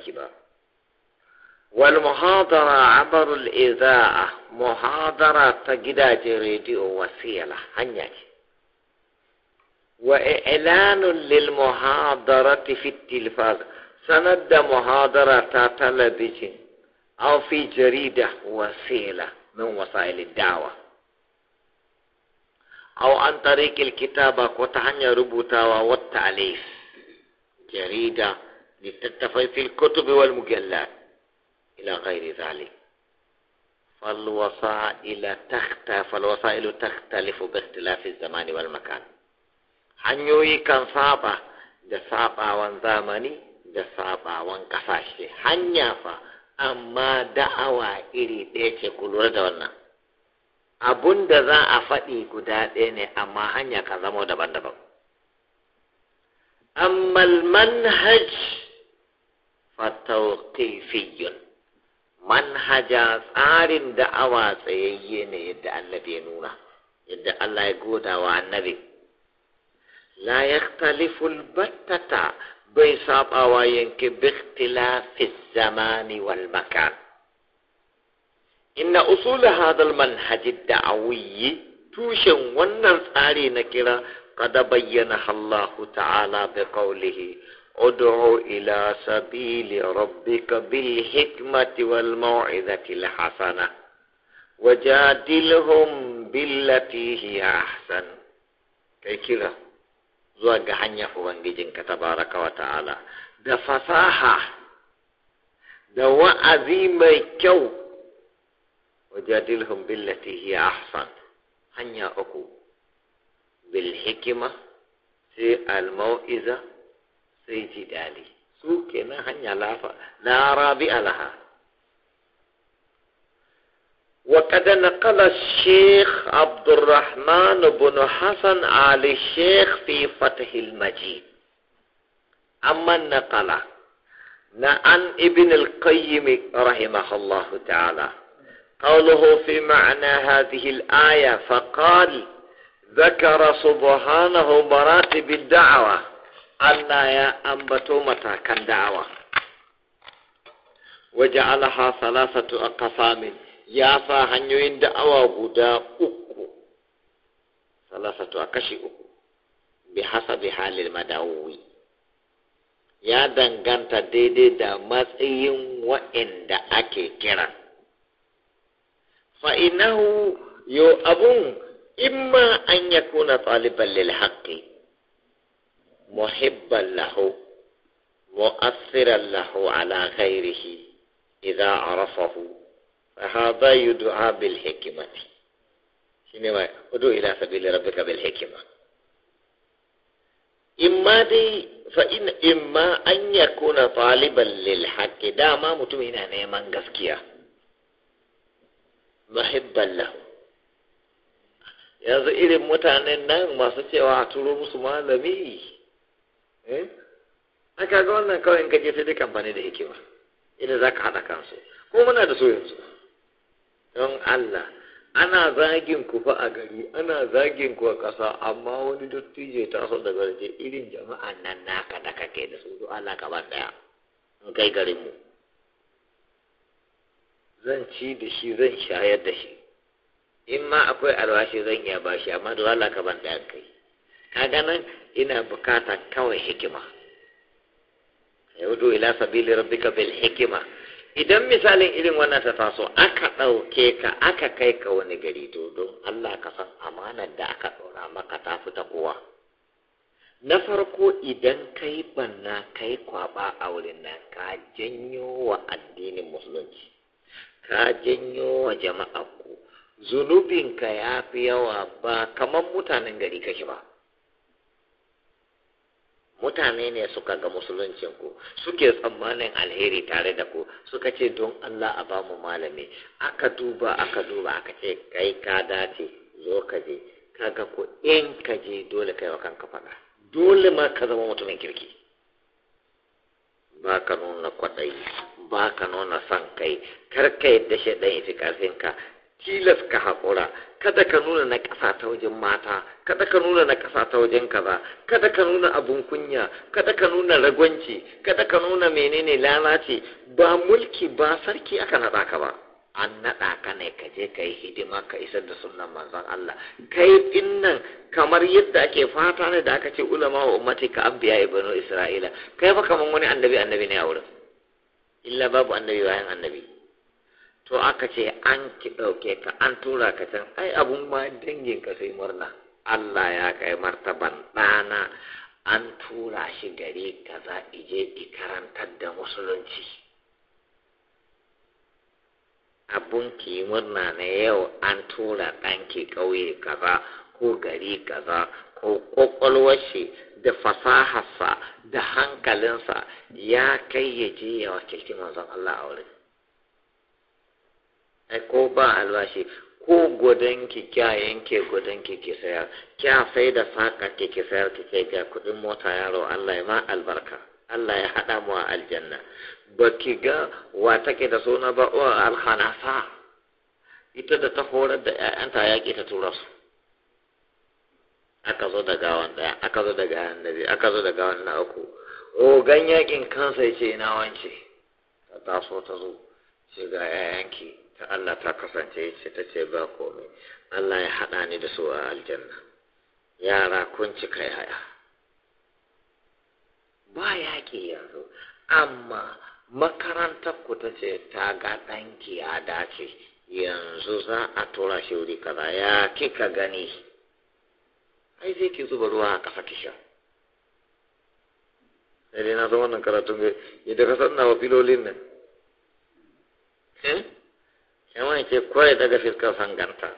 والمحاضره عبر الاذاعه محاضره تجدات ريديو وسيله هنيك واعلان للمحاضره في التلفاز سند محاضره تاتلبيش او في جريده وسيله من وسائل الدعوه او عن طريق الكتابه وتهني ربوتها والتعليف جريده littattafai fil kutubi wal mujallat ila ghairi zalik فالوسائل تخت فالوسائل تختلف باختلاف الزمان والمكان hanyoyi kan saba da sabawan zamani da Saɓawan ƙasashe, hanya fa amma da'awa iri ɗaya ce ku lura da wannan abun da za a faɗi guda ɗaya ne amma hanya kan zamo daban-daban Amalman manhaj فتوقيفي منهج آر دعوة سيئين يد النبي نونا يد الله يقود على النبي لا يختلف البتة بيصاب أوائن باختلاف الزمان والمكان إن أصول هذا المنهج الدعوي توشن ونرس آرين كلا قد بينها الله تعالى بقوله ادعو إلى سبيل ربك بالحكمة والموعظة الحسنة وجادلهم بالتي هي أحسن كي كذا زوج هنيا وانجيجن تبارك وتعالى ده فصاحة ده وعظيم كو وجادلهم بالتي هي أحسن هنيا أكو بالحكمة في الموئزة sai ji dali su kenan hanya lafa na rabi'a laha وقد نقل الشيخ عبد الرحمن بن حسن آل الشيخ في فتح المجيد أما النقل عن نعم ابن القيم رحمه الله تعالى قوله في معنى هذه الآية فقال ذكر سبحانه مراتب الدعوة Allah ya ambato matakan da'awa waje alaha salasatu a kasamin ya sa hanyoyin da'awa guda uku salasatu a kashi uku bi hasabi halil madawowi ya danganta daidai da matsayin wa'inda ake kira fa'inahu yo abun imma an yakuna ɗaliban lil haqqi muhibban lahu mu'assiran lahu ala ghairihi idza arafahu fa hadha yud'a bil hikmati shine mai udu ila sabili rabbika bil hikma imma dai fa in imma an yakuna taliban lil haqqi dama neman gaskiya lahu yanzu irin mutanen nan masu cewa a turo musu malami eh aka ga wannan kawai in ka je sai dai kamfani da hikima inda za ka haɗa kansu ko muna da so yanzu don Allah ana zagin ku fa a gari ana zagin ku a ƙasa amma wani dattijo ta so daga waje irin jama'a na nan naka da kake da su Allah ka ban daya in kai garin mu zan ci da shi zan shayar da shi in akwai alwashi zan iya bashi amma da Allah ka ban daya kai kaga nan ina bukata kawai hikima yaudu ila sabili rabbika bil hikima idan misalin irin wannan ta taso aka ɗauke ka aka kai ka wani gari to don Allah ka san amanar da aka ɗora maka ta fita kowa na farko idan kai banna kai kwaba a wurin nan ka janyo wa addinin musulunci ka janyo wa jama'a ku ka ya fi yawa ba kamar mutanen gari kake ba mutane ne suka ga musuluncin ku suke tsammanin alheri tare da ku suka ce don Allah a bamu malami aka duba aka duba aka ce kai ka dace zo ka je kaga ku in ka je dole kai wa kanka faɗa dole ma ka zama mutumin kirki ba ka nuna kwaɗayi ba ka nuna san kai kar ka yadda shi ya fi ƙarfinka tilas ka haƙura kada ka nuna na ƙasa ta wajen mata kada ka nuna na ƙasa ta wajen kaza kada ka nuna abun kunya kada ka nuna ragwanci kada ka nuna menene lalace ba mulki ba sarki aka naɗa ka ba an naɗa ka ne ka je ka yi hidima ka isar da sunan manzon Allah kai din nan kamar yadda ake fata ne da aka ce ulama wa ummati ka abiya ibnu isra'ila kai fa kaman wani annabi annabi ne a wurin illa babu annabi bayan annabi to aka ce an ki ɗauke ka an tura ka can ai abun ma dangin ka sai murna Allah ya kai martaban ɗana an tura shi gari za ije i karantar da musulunci abun ki murna na yau an tura ɗanki ƙauye kaza ko gari kaza ko ƙwaƙwalwar shi da fasaharsa da hankalinsa ya kai ya je ya wakilci manzon Allah a wurin ko ba albashi ko gwadon ki kya yanke gwadon ki ki sayar kya sai da saka ki ki sayar ki kai ga kudin mota yaro Allah ya ma albarka Allah ya hada mu a aljanna ba ki ga wa take da suna ba o alhanasa ita da ta horar da ƴaƴanta yaƙi ta tura su aka zo da gawan aka zo da gawan na biyu aka zo da gawan uku o ganyakin kansa ya ce ina wance ta taso ta zo shiga 'ya'yanki ta Allah ta kasance ce ta ce ba komai Allah ya haɗa ni da su a aljanna yara kun cika yaya ba yaƙi yanzu amma makarantar ku ta ce ta ga ɗanki ya dace yanzu za a tura shi wuri kaza ya kika gani ai zai ki zuba ruwa a ƙasa kishin sai dai na zo wannan karatun ya da ka sanna wa filolin nan eh? yawan ce kawai daga fiskar sangarta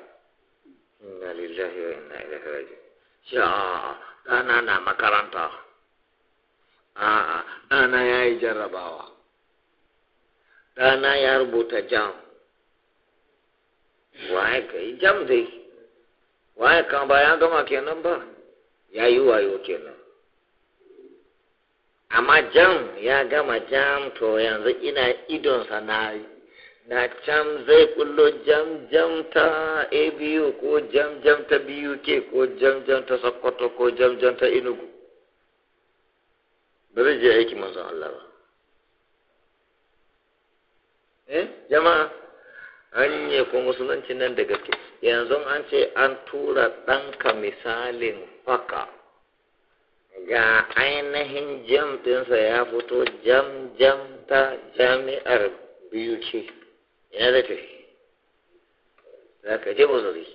inna lillahi wa inna ilaihi raji'un shi a ɗana na makaranta a'a ɗana ya yi jarrabawa ɗana ya rubuta jam waye ka yi jam dai waye kan ba ya gama kenan ba ya yi wayo kenan amma jam ya gama jam to yanzu ina idonsa na na can zai kullo jam jam ta abu ko jam jam ta buk ko jam jam ta sokoto ko jam jam ta inugu ba zai je aiki manzon Allah ba eh jama'a an yi ko musulunci nan da gaske yanzu an ce an tura ɗanka misalin faka ga ainihin jam ɗinsa ya fito jam jam ta jami'ar biyu ce ya zai tafi za ka je uzuri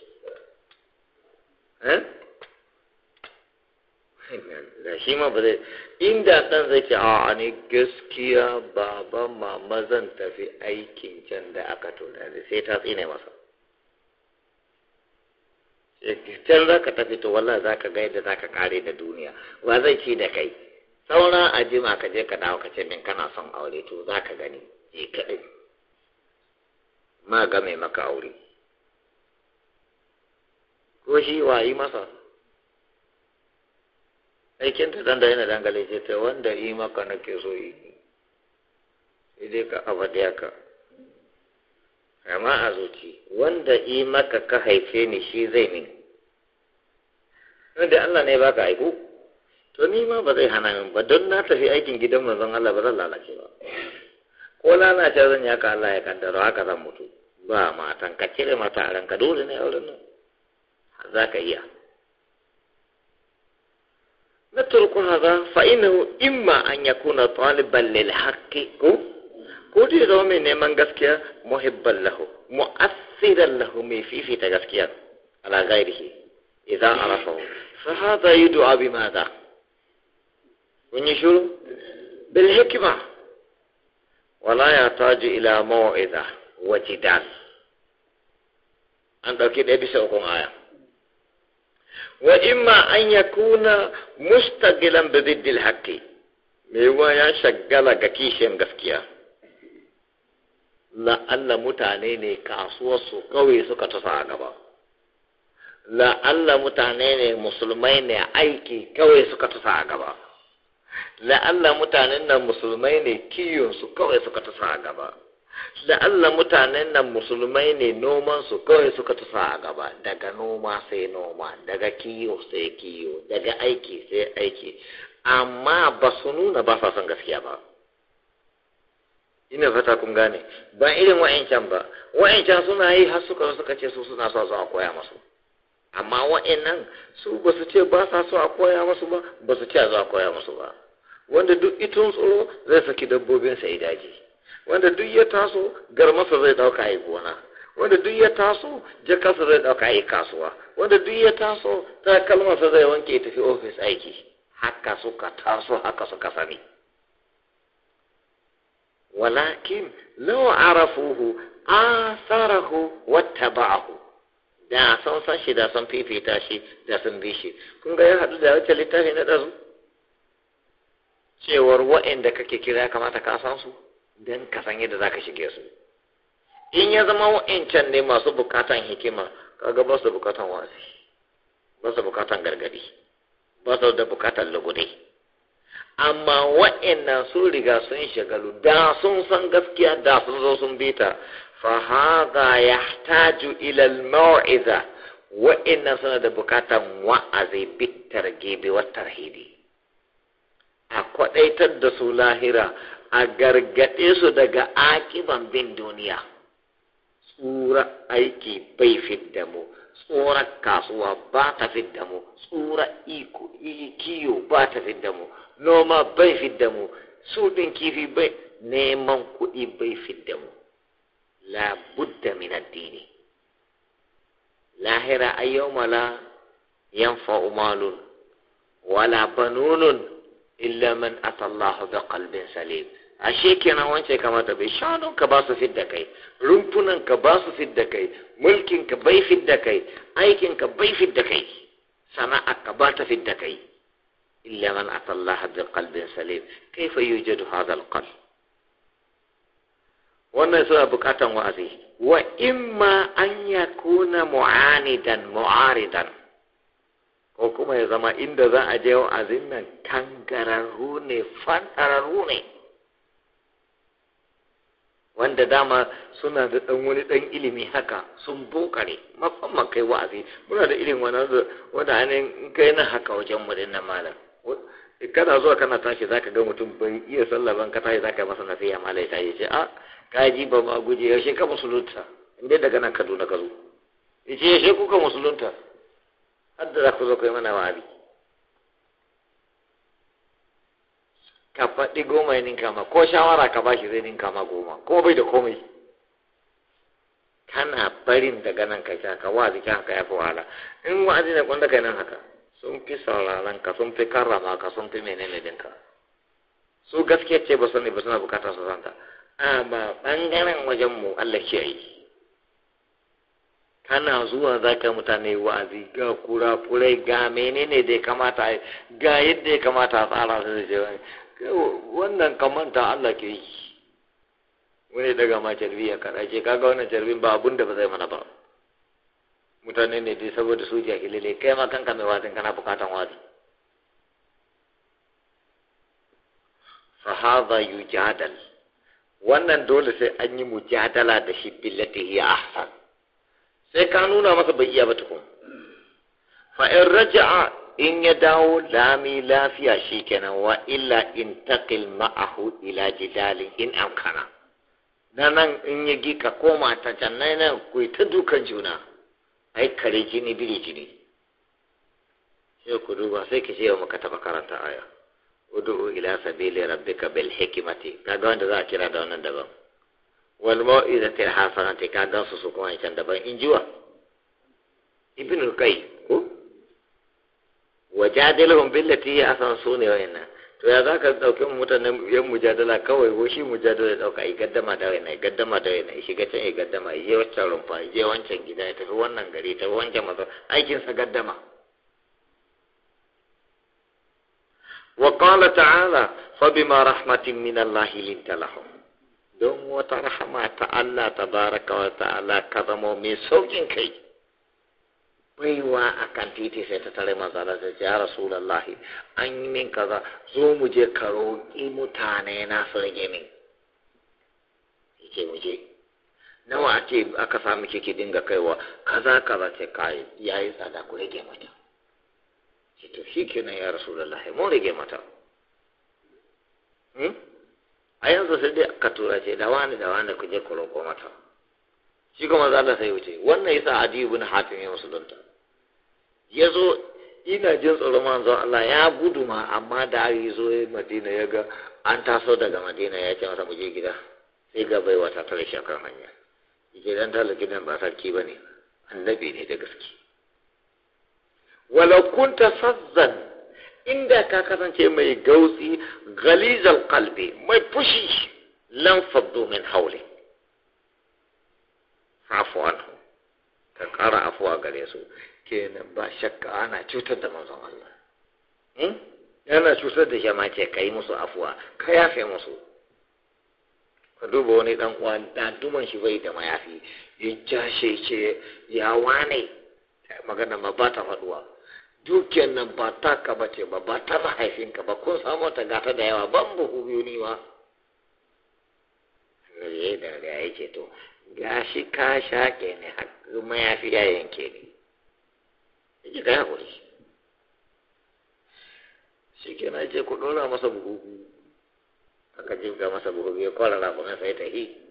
eh? da shi ma ba zai inda ɗan zai ce a ne gaskiya baba mama zan tafi aikin can da aka da sai ta tsine masa can za ka tafi to wallah za ka gaida za ka kare da duniya ba zai ci da kai saura a jima ka je ka dawo ka ce min kana son aure to za ka gani je kaɗai na game maka aure ko shi wa yi masa aikin ta dan da yana dangane ce ta wanda yi maka na ke so yi sai dai ka da ka amma a zuci wanda yi maka ka haife ni shi zai ne wanda Allah ne baka haiku to ni ma ba zai hana min ba don na tafi aikin gidan manzon Allah ba zan lalace ba ko lalace zan ya ka Allah ya kaddara haka zan mutu ba matan ka cire mata a ranka dole ne auren nan za ka iya na turku haza fa inahu imma an kuna taliban lil haƙƙi ko ko dai zama mai neman gaskiya muhibban lahu mu'assiran lahu mai fifita gaskiya ala ghairihi idan arafahu fa hada yud'a bimada kun yi shuru bil hikma wala ya taji ila mawa'iza wa jidal an ɗauki ɗaya bisa ukun aya wa imma an ya kuna mustagilan da ziddil haƙƙi mai ya shagala ga kishin gaskiya la'alla mutane ne su kawai suka tafa a gaba la'alla mutane ne musulmai ne aiki kawai suka tusa a gaba Allah mutanen nan musulmai ne kiyonsu kawai suka sa a gaba Allah mutanen nan musulmai ne nomansu kawai suka sa a gaba daga noma sai noma daga kiyo sai kiyo daga aiki sai aiki amma ba su nuna ba sa son gaskiya ba ina fata kun gane ba irin wa'ancan ba wa'ancan suna yi har suka suka ce su suna so a koya masu amma wa'annan su ba su ce ba sa so a koya masu ba ba su ce a zo a koya masu ba wanda duk itun tsoro zai saki dabbobinsa ya daji wanda duk ya taso garmasa zai dauka yi gona wanda duk ya taso jakarsa zai dauka yi kasuwa wanda duk ya taso takalmasa zai wanke ya tafi ofis aiki haka suka taso haka suka sani walakin law arafuhu asarahu wattaba'ahu da sun san shi da sun fifita shi da sun bi kun ga ya hadu da wata littafi na ɗazu? cewar wa'inda kake kira ya kamata ka san su don ka san yadda za ka shige su in ya zama wa'incan ne masu bukatan hikima kaga ba su bukatan wazi ba su bukatan gargadi ba da bukatan lugude amma wa'innan sun riga sun shagalu da sun san gaskiya da sun zo sun bi ta fa hadha yahtaju ila al-mau'iza wa'innan suna da bukatan wa'azi bi targhibi wa tarhibi a kwaɗaitar da su lahira a gargaɗe su daga akiban bin duniya tsura aiki bai da mu tsoron kasuwa ba ta da mu tsoron iko kiyo ba ta da mu noma bai da mu suɗin kifi bai neman kuɗi bai da mu la min addini lahira ayyau mala yanfa umalun wala banunun illa man atallahu bi qalbin salim ashe kenan wance kamata bai shanun ka ba su fidda kai rumfunan ka ba su fidda kai mulkin ka bai fidda kai aikin ka bai fidda kai sana'a ka ba ta fidda kai illa man atallaha bi qalbin salim kaifa yujadu hadha alqalb wannan suna bukatan wa'azi wa imma an yakuna mu'anidan mu'aridan ko kuma ya zama inda za a je a nan tangararru ne fantararru ne wanda dama suna da ɗan wani ɗan ilimi haka sun bokare musamman kai wa'azi muna da irin wani wanda ainihin kai na haka wajen mu na malam kana zuwa kana tashi zaka ga mutum bai iya sallah ban ka tashi zaka masa nasiha malai ta ce a ah, ka ji ba ma guje yaushe ka musulunta inda daga nan Kaduna ka zo yace yaushe kuka musulunta har ku zo ku yi mana wabi ka faɗi goma ya ninka ma ko shawara ka bashi zai ninka ma goma ko bai da komai kana barin daga nan ka sha ka wazi ka haka ya fi wahala in wa'azi ne kwanda kai nan haka sun fi sauraron ka sun fi karrama ka sun fi menene dinka su gaskiya ce ba sani ba suna bukatar su santa amma bangaren wajen mu Allah ke yi kana zuwa za ka mutane wa'azi ga kura-kurai, ga menene da ya kamata ga yadda ya kamata a tsara su da ce wannan kamanta Allah ke yi wani daga ma carbi ya kara ce kaga wannan carbin ba abun da ba zai mana ba mutane ne dai saboda su jahilai kai ma kanka mai wazin kana bukatan wazi fahaza yujadal wannan dole sai an yi mujadala da shi billati ya ahsan sai ka nuna masa bai iya ba tukun fa in raja'a in ya dawo lami lafiya shikenan wa illa in taqil ma'ahu ila jidalin in amkana na nan in ya gi ka koma ta nan ku ta dukan juna ai kare jini biri jini sai ku duba sai ki ce wa muka taba karanta aya ud'u ila sabili rabbika bil hikmati kaga wanda za a kira da wannan daban wal mau'izatil hasanati ka dan su su kuma can daban in jiwa ibn al-qayyim ko wajadilhum billati hiya ahsan sunni wa inna to ya zaka dauki mutanen ya mujadala kawai ko shi mujadala ya dauka ai gaddama da wayna ai gaddama da wayna shiga can ai gaddama ai je wancan rumfa ai je wancan gida ya tafi wannan gari wancan maza sa gaddama ta'ala fa rahmatin min allahi don wata rahama ta Allah ta baraka wa ta'ala ka zamo mai saukin kai baiwa a kan titi sai ta tare maza da ta ya rasulallahi an yi min kaza zo mu je ka roƙi mutane na sarge min yake mu je nawa ake aka samu kike dinga kaiwa kaza kaza ce kai yayi tsada ku rage mata ce to shikenan ya rasulullahi mu rage mata hmm? a yanzu sai dai ka tura ce da wani da wani ku je ku roƙo mata shi kuma za ta sai wuce wannan yasa Adiyu bin Hatim ya musulunta ya zo ina jin tsoron manzon Allah ya gudu ma amma da ya zo Madina ya ga an taso daga Madina ya ce masa mu je gida sai ga bai wata tare shi kan hanya yake dan talaki nan ba sarki bane annabi ne da gaske walau kunta sazzan inda ka kasance mai gausi galizal kalbi mai fushi lan domin min haule afuwan ka kara afuwa gare su kenan ba shakka ana cutar da manzon Allah hmm? yana cutar da shama ce ka yi musu afuwa ka yafe musu ka duba wani dan uwa duman shi bai da mayafi ya jashe ce ya wane magana ma ba ta faduwa dukiyar nan ba ta ka ba ce ba ba ta mahaifinka ba kun samu ta gata da yawa ban buhu biyu ni ma eh, ya yi da ya ce to gashi ka shaƙe ne ma ya fi yayin ke ne yake ka yaƙuri shi ke na ce ku ɗora masa buhu aka jirga masa buhu biyu kwarara kuma sai ta hi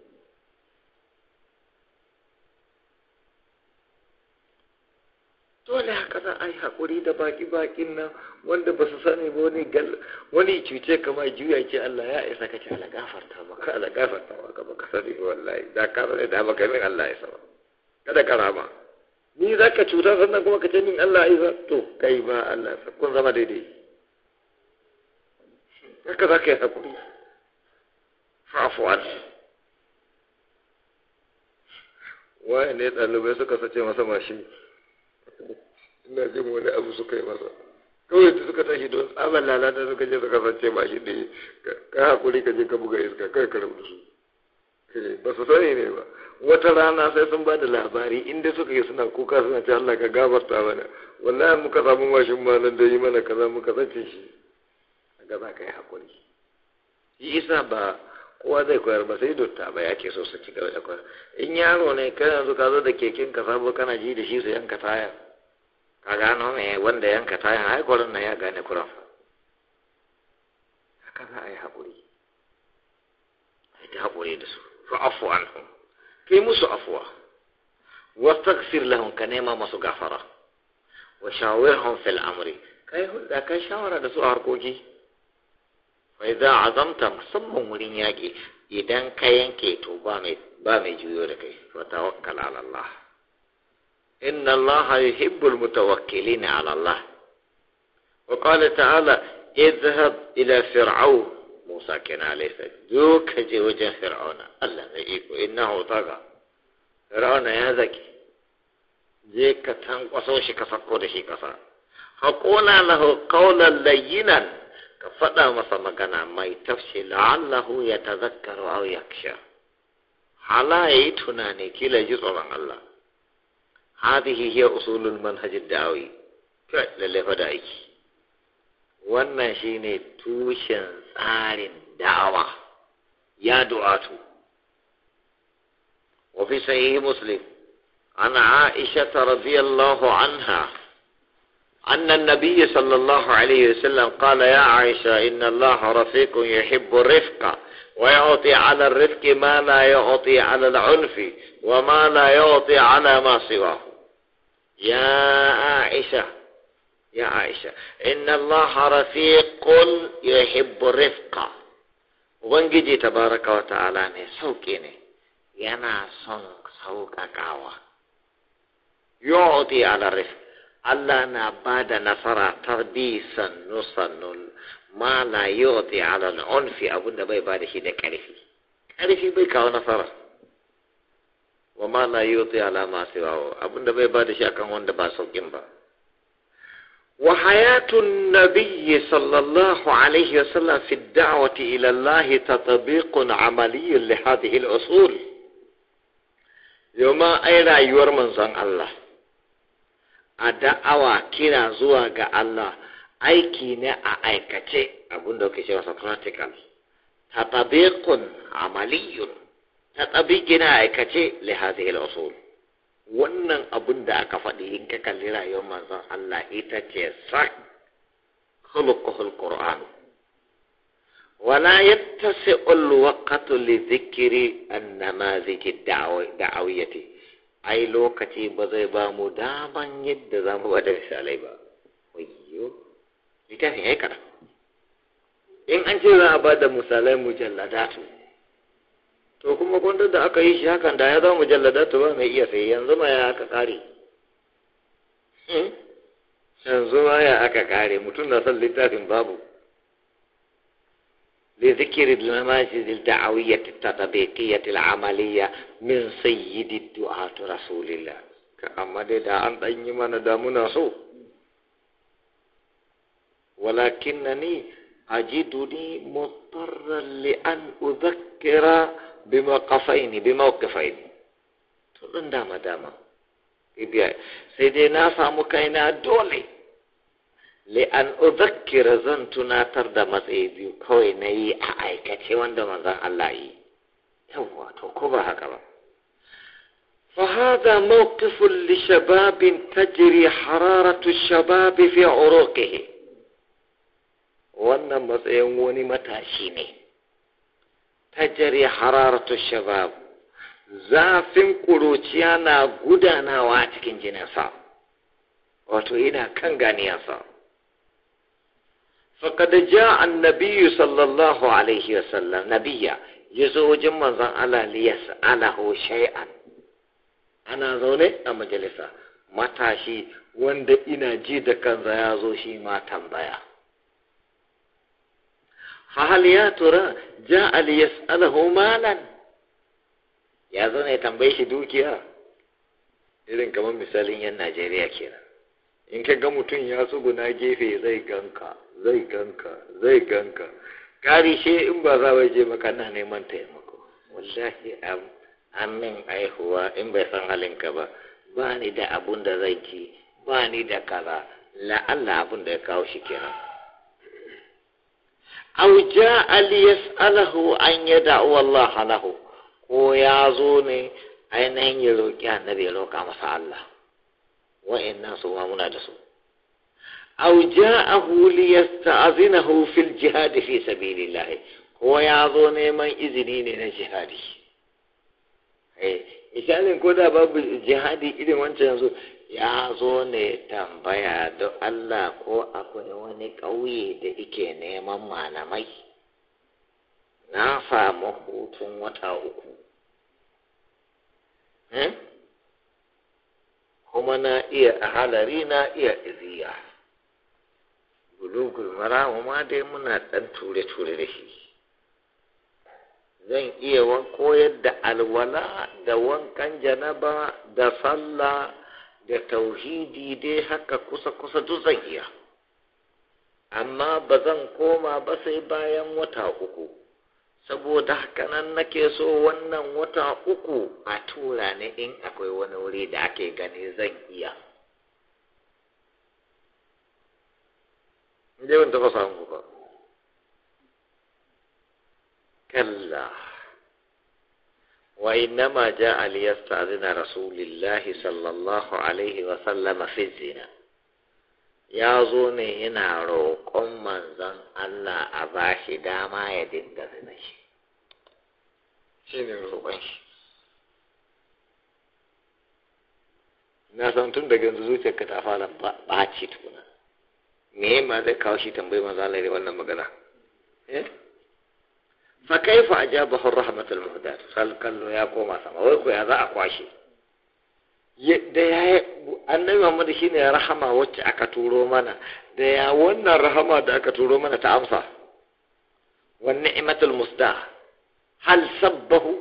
dole haka za a yi haƙuri da baƙi-baƙin nan wanda ba su sani ba wani gal wani cuce kama juya ce Allah ya isa ka ce ala gafarta maka ala gafarta maka ba ka sani ba wallahi da ka sani da maka min Allah ya sama kada ka rama ni za ka cuta sannan kuma ka ce min Allah ya isa to kai ba Allah ya kun zama daidai haka za ka yi haƙuri fa'afu'an wayan ne ɗalibai suka sace masa mashin ina jin wani abu suka yi masa kawai da suka tashi don tsaban lalata suka je suka sace mashin ɗaya ka haƙuri ka je ka buga iska kai ka rabu su eh, ba su sani ne ba wata rana sai sun ba da labari inda suka yi suna kuka suna ce Allah ka gabata mana wallahi muka samu mashin ma nan da yi mana kaza muka sace shi ga za ka yi hakuri shi isa ba kowa zai koyar ba sai dotta ba ya ke so su ci gaba da koyar in yaro ne kai yanzu ka zo da keken ka sabo kana ji da shi su yanka tayar ka gano me wanda yanka tayan haikorin nan ya gane kuran haka za a yi haƙuri a yi haƙuri da su fa afu anhu kai musu afuwa wastaghfir lahum ka nema masu gafara wa shawirhum fil amri kai hulda kai shawara da su a harkoki fa idza azamta musamman wurin yaƙi idan ka yanke to ba mai ba mai juyo da kai fa tawakkal ala Allah إن الله يحب المتوكلين على الله وقال تعالى اذهب إلى فرعون موسى كان عليه السلام دوك جي وجه فرعون ألا نجيك إنه طغى فرعون يا ذكي ذيك تنق وصوشي كسكو دشي كسا حقونا له قولا لينا كفتا مصمى كان ما يتفشي لعله يتذكر أو يكشى حلا يتناني كلا جزء من الله هذه هي أصول المنهج الدعوي فعل لفدائك وانا شيني tushen tsarin دعوة يا دعاة وفي صحيح مسلم عن عائشة رضي الله عنها أن النبي صلى الله عليه وسلم قال يا عائشة إن الله رفيق يحب الرفق ويعطي على الرفق ما لا يعطي على العنف وما لا يعطي على ما سواه يا عائشة يا عائشة إن الله رفيق يحب الرفق وبنجي تبارك وتعالى سوكيني ينا كاوا يعطي على الرفق Allah na ba da nasara tarbi sannu sannu yuti ala bai ba da shi da ƙarfi ƙarfi nasara wa ma la yuti ala ma siwahu abinda bai ba da shi akan wanda ba saukin ba wa hayatun nabiyyi sallallahu alaihi wasallam fi da'wati ila Allah tatbiqun amaliy li hadhihi al-usul yoma ai rayuwar manzon Allah a da'awa kira zuwa ga Allah aiki ne a aikace abinda kake cewa practical tatabiqun amaliyun ta tsabi gina aikace le hadhihi ila usul wannan abun da aka faɗi in ka kalli rayuwar manzon Allah ita ce sak khuluquhul qur'an wala yattasi'u al-waqtu li dhikri an-namazij daawiyati ai lokaci ba zai ba mu daman yadda za mu bada misalai ba wayyo ita ne yi in an ce za a ba da misalai mujalladatu to kuma kwantar da aka yi shi hakan da ya za mu jallada ta ba mai iya sai yanzu ma ya aka kare hmm? yanzu ma ya aka kare mutum na son littafin babu li zikirin lamashi zil da'awiyya tattabiqiyya til amaliyya min sayyidi du'a tu rasulillah ka amma da an dan yi mana da muna so walakinnani ajiduni mutarran li an uzakka kira bimaƙafaini bimaƙafaini to ɗin dama dama ibiya sai dai na samu kaina dole an udhakkira zan tunatar da matsayi biyu kawai na yi a aikace wanda manzon Allah yi yawwa to ko ba haka ba فهذا موقف لشباب تجري حرارة الشباب في عروقه wannan matsayin wani matashi ne tajari hararatu shabab zafin ƙuruciya na gudanawa a cikin jininsa wato yana kan ganiyarsa da ja annabiyu sallallahu alaihi wasallam nabiya ya zo wajen manzon Allah liyas alahu shay'an ana zaune a majalisa matashi wanda ina ji da kanza ya zo shi ma tambaya hal ya tura ja aliyas yas'alahu malan ya zo ne tambaye shi dukiya irin kamar misalin yan Najeriya kenan in ka ga mutum ya tsuguna gefe zai ganka zai ganka zai ganka kari she in ba za je maka na neman taimako wallahi an min aihuwa in bai san halinka ba ba ni da abun da zai ki ba ni da kaza la'alla abun da ya kawo shi kenan aw ja'a li yas'alahu an yad'u Allah lahu ko ya zo ne ainihin ya roƙi annabi ya roƙa masa Allah wa'annan su ma muna da su aw ja'ahu li yasta'zinahu fil jihad fi sabilillah ko ya zo neman izini ne na jihadi eh misalin ko da babu jihadi irin wancan yanzu ya zo ne tambaya da Allah ko akwai wani ƙauye da ike neman malamai na samu hutun wata uku hmm? kuma na iya ahalari na iya iziya gulugul marawa ma dai muna ɗan ture-ture da shi zan iya koyar da alwala da wankan janaba da sallah da tauhidi dai haka kusa-kusa duk zan iya amma ba zan koma ba sai bayan wata uku saboda haka nan nake so wannan wata uku a tura ni in akwai wani wuri da ake gani zan iya ban taɓa samu ba kalla وإنما جاء ليستأذن رسول الله صلى الله عليه وسلم في الزنا ya zo ne yana roƙon manzon Allah a ba shi dama ya dinga zina shi shi ne roƙon tun daga yanzu zuciyarka ta fara ɓaci me ma zai kawo shi wannan fa a ajabahu rahmatul muhdat sal kallo ya koma sama wai ko ya za a kwashe da ya annabi Muhammad shine rahama wacce aka turo mana da ya wannan rahama da aka turo mana ta amsa wan ni'matul musda hal sabbahu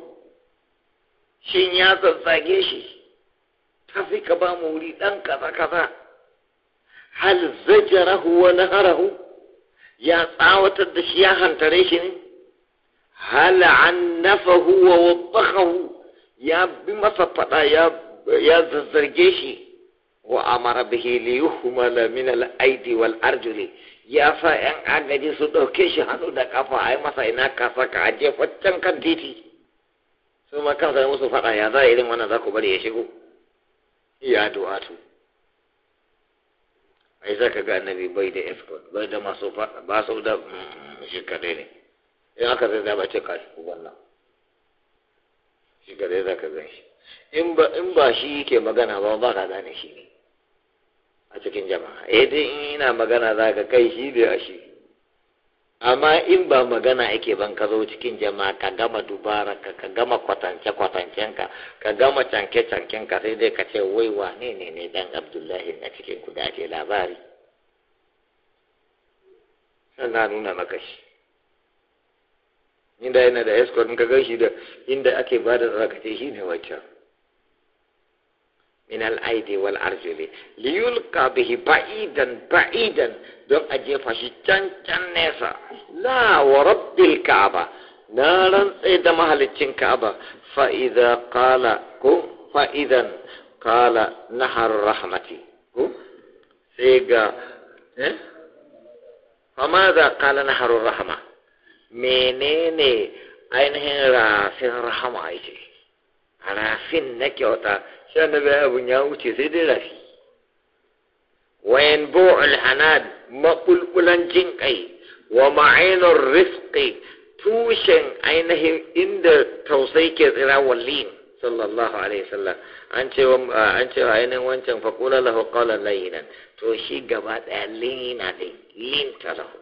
shin ya zazzage shi tafi ka ba mu wuri dan kaza kaza hal zajarahu wa naharahu ya tsawatar da shi ya hantare shi ne hal annafahu wa wabbakahu ya bi masa fada ya ya shi wa amara bihi li yuhmala min al ya sa yan agaji su ɗauke shi hannu da kafa ai masa ina ka saka a kan titi su ma kansa musu fada ya za irin wannan za ku bari ya shigo ya du'atu ai za ka ga annabi da escort bai da masu da shi ne in aka zai ba ce kashi wannan shi ga za ka zai shi in ba shi ke magana ba ba ka gane shi ne a cikin jama'a eh dai in ina magana za ka kai shi bai a shi amma in ba magana yake ban ka zo cikin jama'a ka gama dubara ka ka gama kwatance kwatancen ka ka gama canke canken ka sai dai ka ce wai wane ne ne dan abdullahi na cikin ku da ake labari sannan nuna maka shi inda yana da escort in ka gan shi da inda ake ba da zarakace shi ne wancan min al aidi wal arjuli li yulqa bihi ba'idan ba'idan don a jefa shi can can nesa la wa rabbil ka'aba na rantse da mahaliccin ka'aba fa idza qala ku fa idan qala nahar rahmati ku sai ga eh fa madha qala nahar rahmati menene ainihin rafin rahama yake rafin na kyauta shi annabi abun ya wuce sai dai rafi wayan bu'ul hanad maɓulɓulan jin kai wa ma'ainar rizqi tushen ainihin inda tausai ke tsira wallin sallallahu alaihi sallam an ce an ce ainihin wancan faqula lahu qawlan layinan to shi gaba ɗaya lina din lin talahu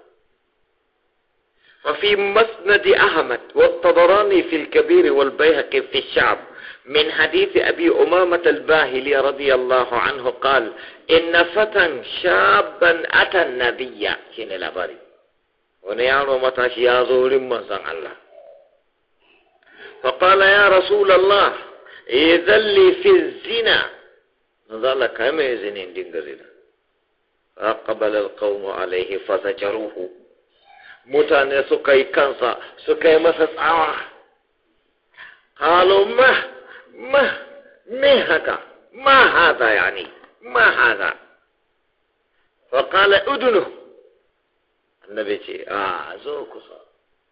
وفي مسند أحمد والطبراني في الكبير والبيهقي في الشعب من حديث أبي أمامة الباهلي رضي الله عنه قال إن فتى شابا أتى النبي شين الأباري ونيان ومتاشي يا ظهور الله فقال يا رسول الله إذا لي في الزنا نظل كم يزنين دين فاقبل القوم عليه فزجروه mutane suka yi kansa suka yi masa tsawa halo ma ma me haka ma haza ya ne ma haza faƙala udunu annabi ce a zo kusa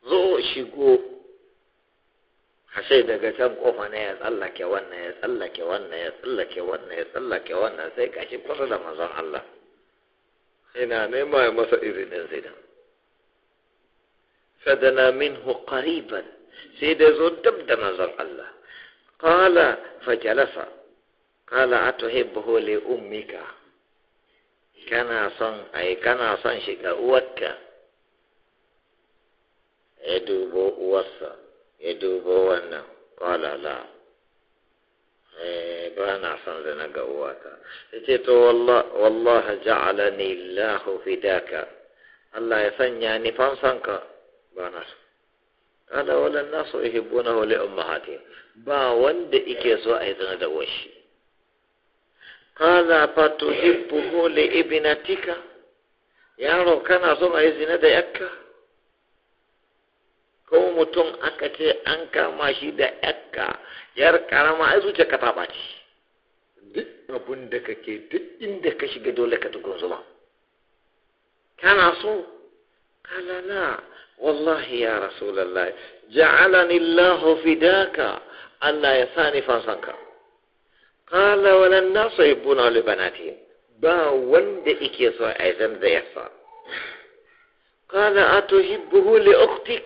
zo shigo hashe daga can kofa ne ya tsallake wannan ya tsallake wannan ya tsallake wannan ya tsallake wannan sai kashi kusa da mazan Allah ina nema masa izinin zidan استأذن منه قريبا سيد زود دب نظر الله قال فجلس قال أتحبه لأمك كان صن أي كان صن شكا أوتك يدوب أوصى يدوب وانا قال لا إيه، بانا صن زنا قوتا تيت والله والله جعلني الله فداك الله يفنيني فانسانك banas ana wala nasu yuhibbuna wa li ummahatihim ba wanda ike so a yi da washi qala fatuhibbuhu li ibnatika yaro kana so a yi zina da yakka ko mutum aka ce an kama shi da yakka yar karama ai zuciya ka ta ɓaci duk abin da kake duk inda ka shiga dole ka tukun zuma kana so kala na wallahi ya rasulullahi ja'alani Allah fidaka Allah ya sani fansanka qala walan nasu yubuna li banati ba wanda yake so a zan da yasa qala atuhibbuhu li ukhtik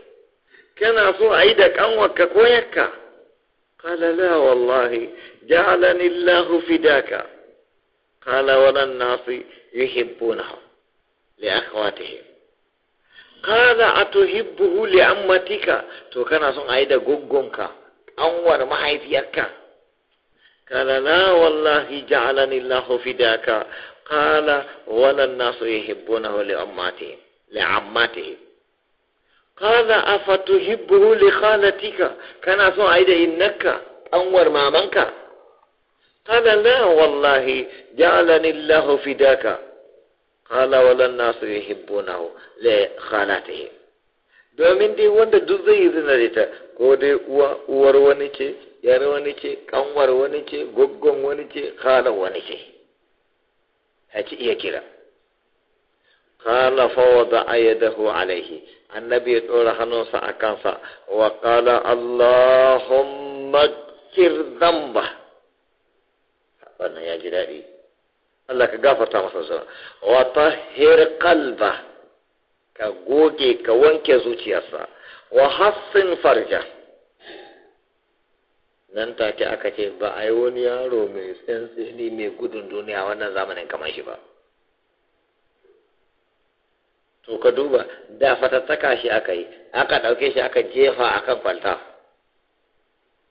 kana so a yi da kanwarka ko yakka qala la wallahi qala kaza a tuhibbuhu li ammatika to kana son a yi da goggonka anwar mahaifiyarka kala na wallahi ja'alani Allah fidaka kala wannan nasu yuhibbunahu li ammati li ammati kaza afatuhibbuhu li khalatika kana son a yi da innaka anwar mamanka kala na wallahi ja'alani Allah fidaka قال le ناس ta لخانته domin dai wanda duk zai yi zina da ita ko dai uwar wani ce yar wani ce kanwar wani ce gwaggon wani ce khalar wani ce ta ci iya kira kala fa wada ayyadahu alaihi annabi ya ɗora hannunsa a kansa wa kala allahumma kirdan A wannan ya ji daɗi Allah ka gafarta masa zuwa, wa tahhir kalba ka goge ka wanke zuciyarsa wa hassin farja nan take aka ce ba a yi wani yaro mai tsantsini mai gudun duniya wannan zamanin kamar shi ba to ka duba da fatattaka shi aka yi aka ɗauke shi aka jefa akan kwalta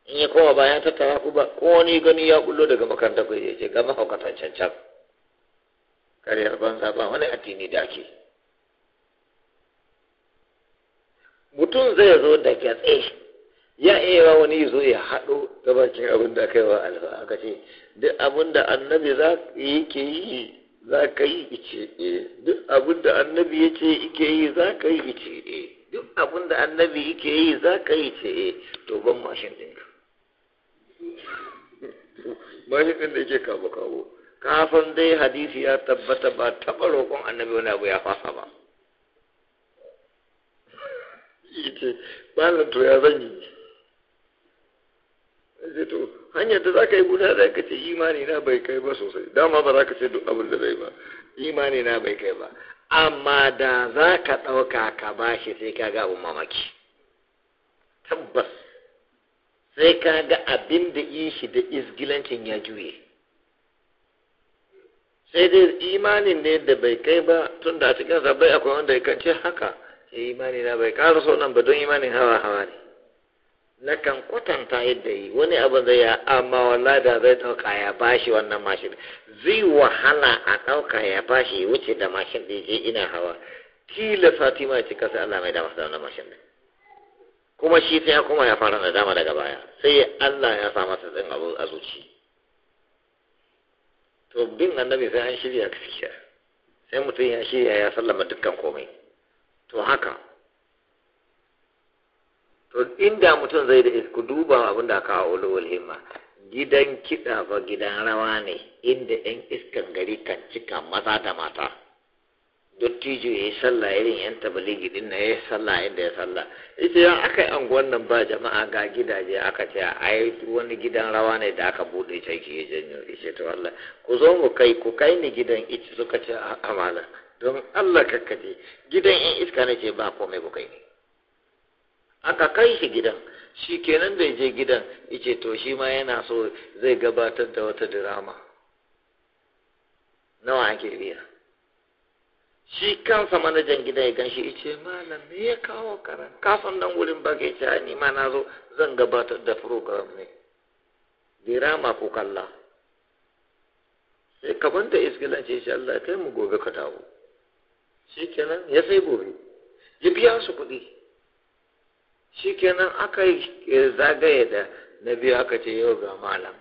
in ya koma bayan tattara ku ba ko wani gani ya bullo daga makarantar ku ya ce gama haukatan can can karyar banza ba wani addini da ake mutum zai zo da gatse ya iya wani zo ya haɗo gabakin abin da aka yi wa alfa aka ce duk abin da annabi za yi ke yi za ka yi ice e duk abin da annabi ya ce ike yi za ka yi ice e duk abin da annabi yake yi za ka yi ce e eh. to ban mashin ɗinka <laughs> mashin ɗin da yake kawo kawo kafin dai hadisi ya tabbata ba taɓa roƙon annabi wani abu ya fasa ba ita malam to ya zan yi to hanyar da za ka yi guda da ka ce imani na bai kai ba sosai dama ba za ka ce duk abin da zai ba imani na bai kai ba amma da za ka ɗauka ka ba shi sai ka ga abin mamaki tabbas sai ka ga abin da yi shi da izgilancin ya juye sai dai imanin ne da bai kai ba tun da a cikin sabai akwai wanda ya ce haka sai eh, imani na bai kara so nan ba don imanin hawa hawa ne na kan kwatanta yadda yi wani abu zai ya amma wala da zai dauka ya bashi wannan mashin zai wahala a dauka ya bashi wuce da mashin da je eh, ina hawa kila fatima cika sai Allah mai dama da wannan mashin ne kuma shi sai ya kuma ya fara da dama daga baya sai Allah ya sa masa tsin abu a zuci to bin annabi sai an shirya gaskiya sai mutum ya shirya ya sallama dukkan komai to haka to inda mutum zai da isku duba abin da aka hawo himma gidan kiɗa fa gidan rawa ne inda 'yan iskan gari kan cika maza da mata dottijo ya yi sallah irin yan tabaligi din na ya yi sallah inda ya sallah ita yan aka yi anguwan nan ba jama'a ga gidaje aka ce a yi wani gidan rawa ne da aka bude caki ya janyo ishe to Allah ku zo mu kai ku kai ni gidan ita suka ce a amala don Allah kakkace gidan yan iska ne ce ba komai ku kai ne aka kai shi gidan shi kenan da ya je gidan ice to shi ma yana so zai gabatar da wata dirama nawa ake biya shi kansa manajan gida ya ganshi ice malam me ya kawo karan kasan dan wurin ba ke ce ni ma na zo zan gabatar da program ne dirama ko kalla sai da isgilan ce shi Allah kai mu gobe ka dawo kenan ya sai gobe ya biya su kuɗi kenan aka yi zagaye da na biyu aka ce yau ga malam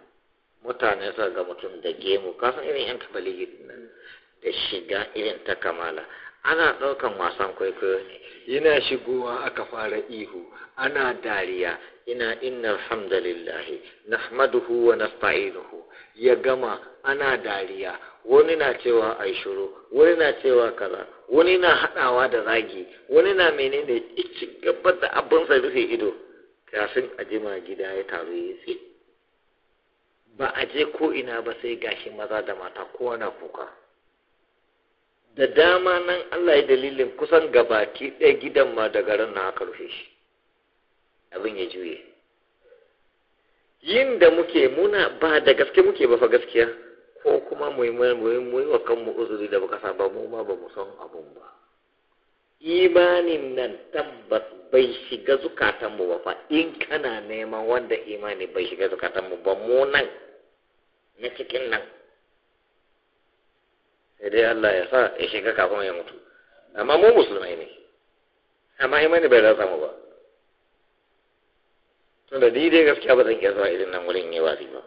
mutane sa ga mutum da gemu kasan irin yan tabalihi nan da shiga irin ta kamala ana ɗaukan wasan kwaikwayo ne yana shigowa aka fara ihu ana dariya ina inna alhamdulillahi nahmaduhu wa nasta'inuhu ya gama ana dariya wani na cewa ai shiru wani na cewa kaza wani na haɗawa da zagi wani na menene ci gaba da abin sa rufe ido kafin a jima gida ya taru ya tsi ba a je ko ina ba sai gashi maza da mata kowa na kuka da dama nan Allah ya dalilin kusan gabaki ɗaya gidan ma da garin na aka rufe shi abin ya juye yin da muke muna ba da gaske muke ba fa gaskiya ko kuma mu yi wa kanmu uzuri da baka ba mu ma ba mu san abun ba imanin nan tabbas bai shiga zukatanmu ba fa in kana neman wanda imani bai shiga zukatanmu ba mu nan na cikin nan sai dai Allah ya sa ya shiga kafin ya mutu amma mu musulmai ne amma ne bai rasa mu ba tunda ni dai gaskiya ba zan iya zuwa irin nan wurin yi wasi ba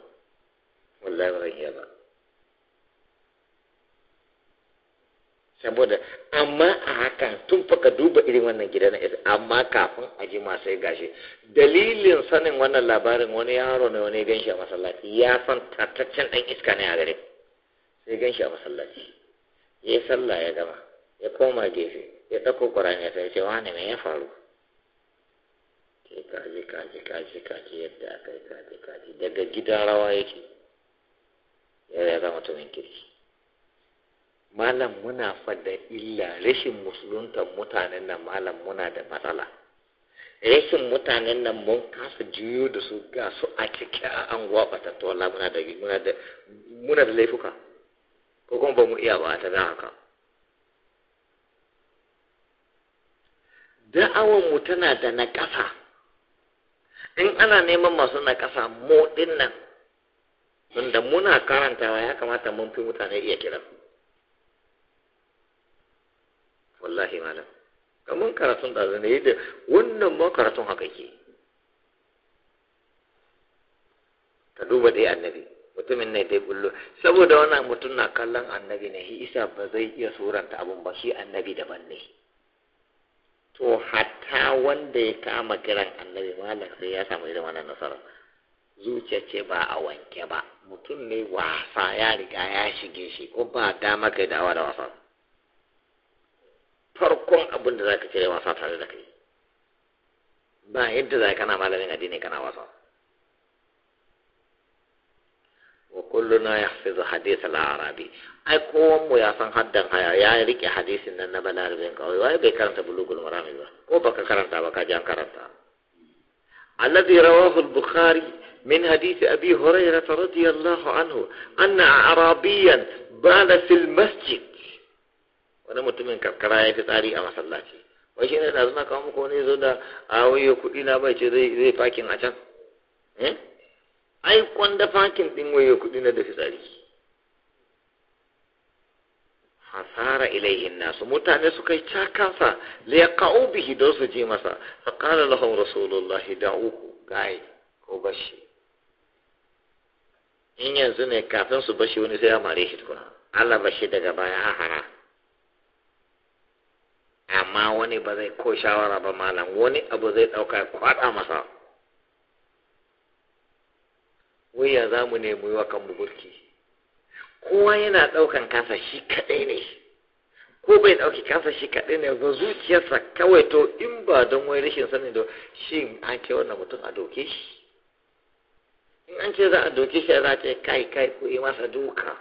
wallahi ba zan iya ba saboda amma a haka tun faka duba irin wannan gida na isa amma kafin a ji masu ya gashi dalilin sanin wannan labarin wani yaro ne wani ganshi a masallaci ya san tataccen ɗan iska ne a gare sai ganshi a masallaci ya yi sallah ya gama ya koma gefe ya ɗauko ƙwaran ya sai ce ne mai ya faru ke kaji kaji kaji kaji yadda aka yi kaji kaji daga gidan rawa yake ya ya zama mutumin kirki malam muna fada illa rashin musuluntar mutanen nan malam muna da matsala rashin mutanen nan mun kasa juyo da su ga su a cike a anguwa batattu muna da muna da laifuka ko kuma ba mu iya ba ta zan haka da'awan mu tana da na ƙasa in ana neman masu na ƙasa mu nan muna karantawa ya kamata mun fi mutane iya kira wallahi malam kamar karatun da zane da wannan ma karatun haka ke ka duba dai annabi mutumin ne dai bullo saboda wannan mutum na kallon annabi ne shi isa ba zai iya suranta abun ba shi annabi daban ne to hatta wanda ya kama kiran annabi malam sai ya samu irin wannan nasara zuciya ce ba a wanke ba mutum ne wasa ya riga ya shige shi ko ba dama maka dawa da wasa farkon abin da zaka cire wasa tare da kai ba yadda za kana malamin addini kana wasa kulluna ya fi hadith al-arabi ai mu ya san haddan haya ya rike hadisin nan na balarabin kawai wai bai karanta bulugul marami ba ko baka karanta ba ka ji an karanta alladhi rawahu al-bukhari min حديث أبي هريرة رضي الله عنه أن أعرابيا بال في wani mutumin karkara ya fi tsari a masallaci wai shi ne da zuna kawo muku wani zo da a wayo kuɗi na bai ce zai fakin a can eh? ai kwanda fakin din waye kudi na da fitsari hasara ilaihin nasu mutane su kai cakansa la yaqau bihi don su je masa fa qala lahum rasulullahi da'uhu gai ko bashi in yanzu ne kafin su bashi wani sai ya mare shi tukuna Allah bashi daga baya a hara amma wani ba zai ko shawara ba malam wani abu zai dauka ya kwada masa waya za mu nemi wa kanmu burki kowa yana ɗaukan kansa shi kaɗai ne ko bai ɗauki kansa shi kaɗai ne ba zuciyarsa kawai to in ba don wai rashin sanin da shi an ce wannan mutum a doke shi in an ce za a doke shi za a ce kai kai ko yi masa duka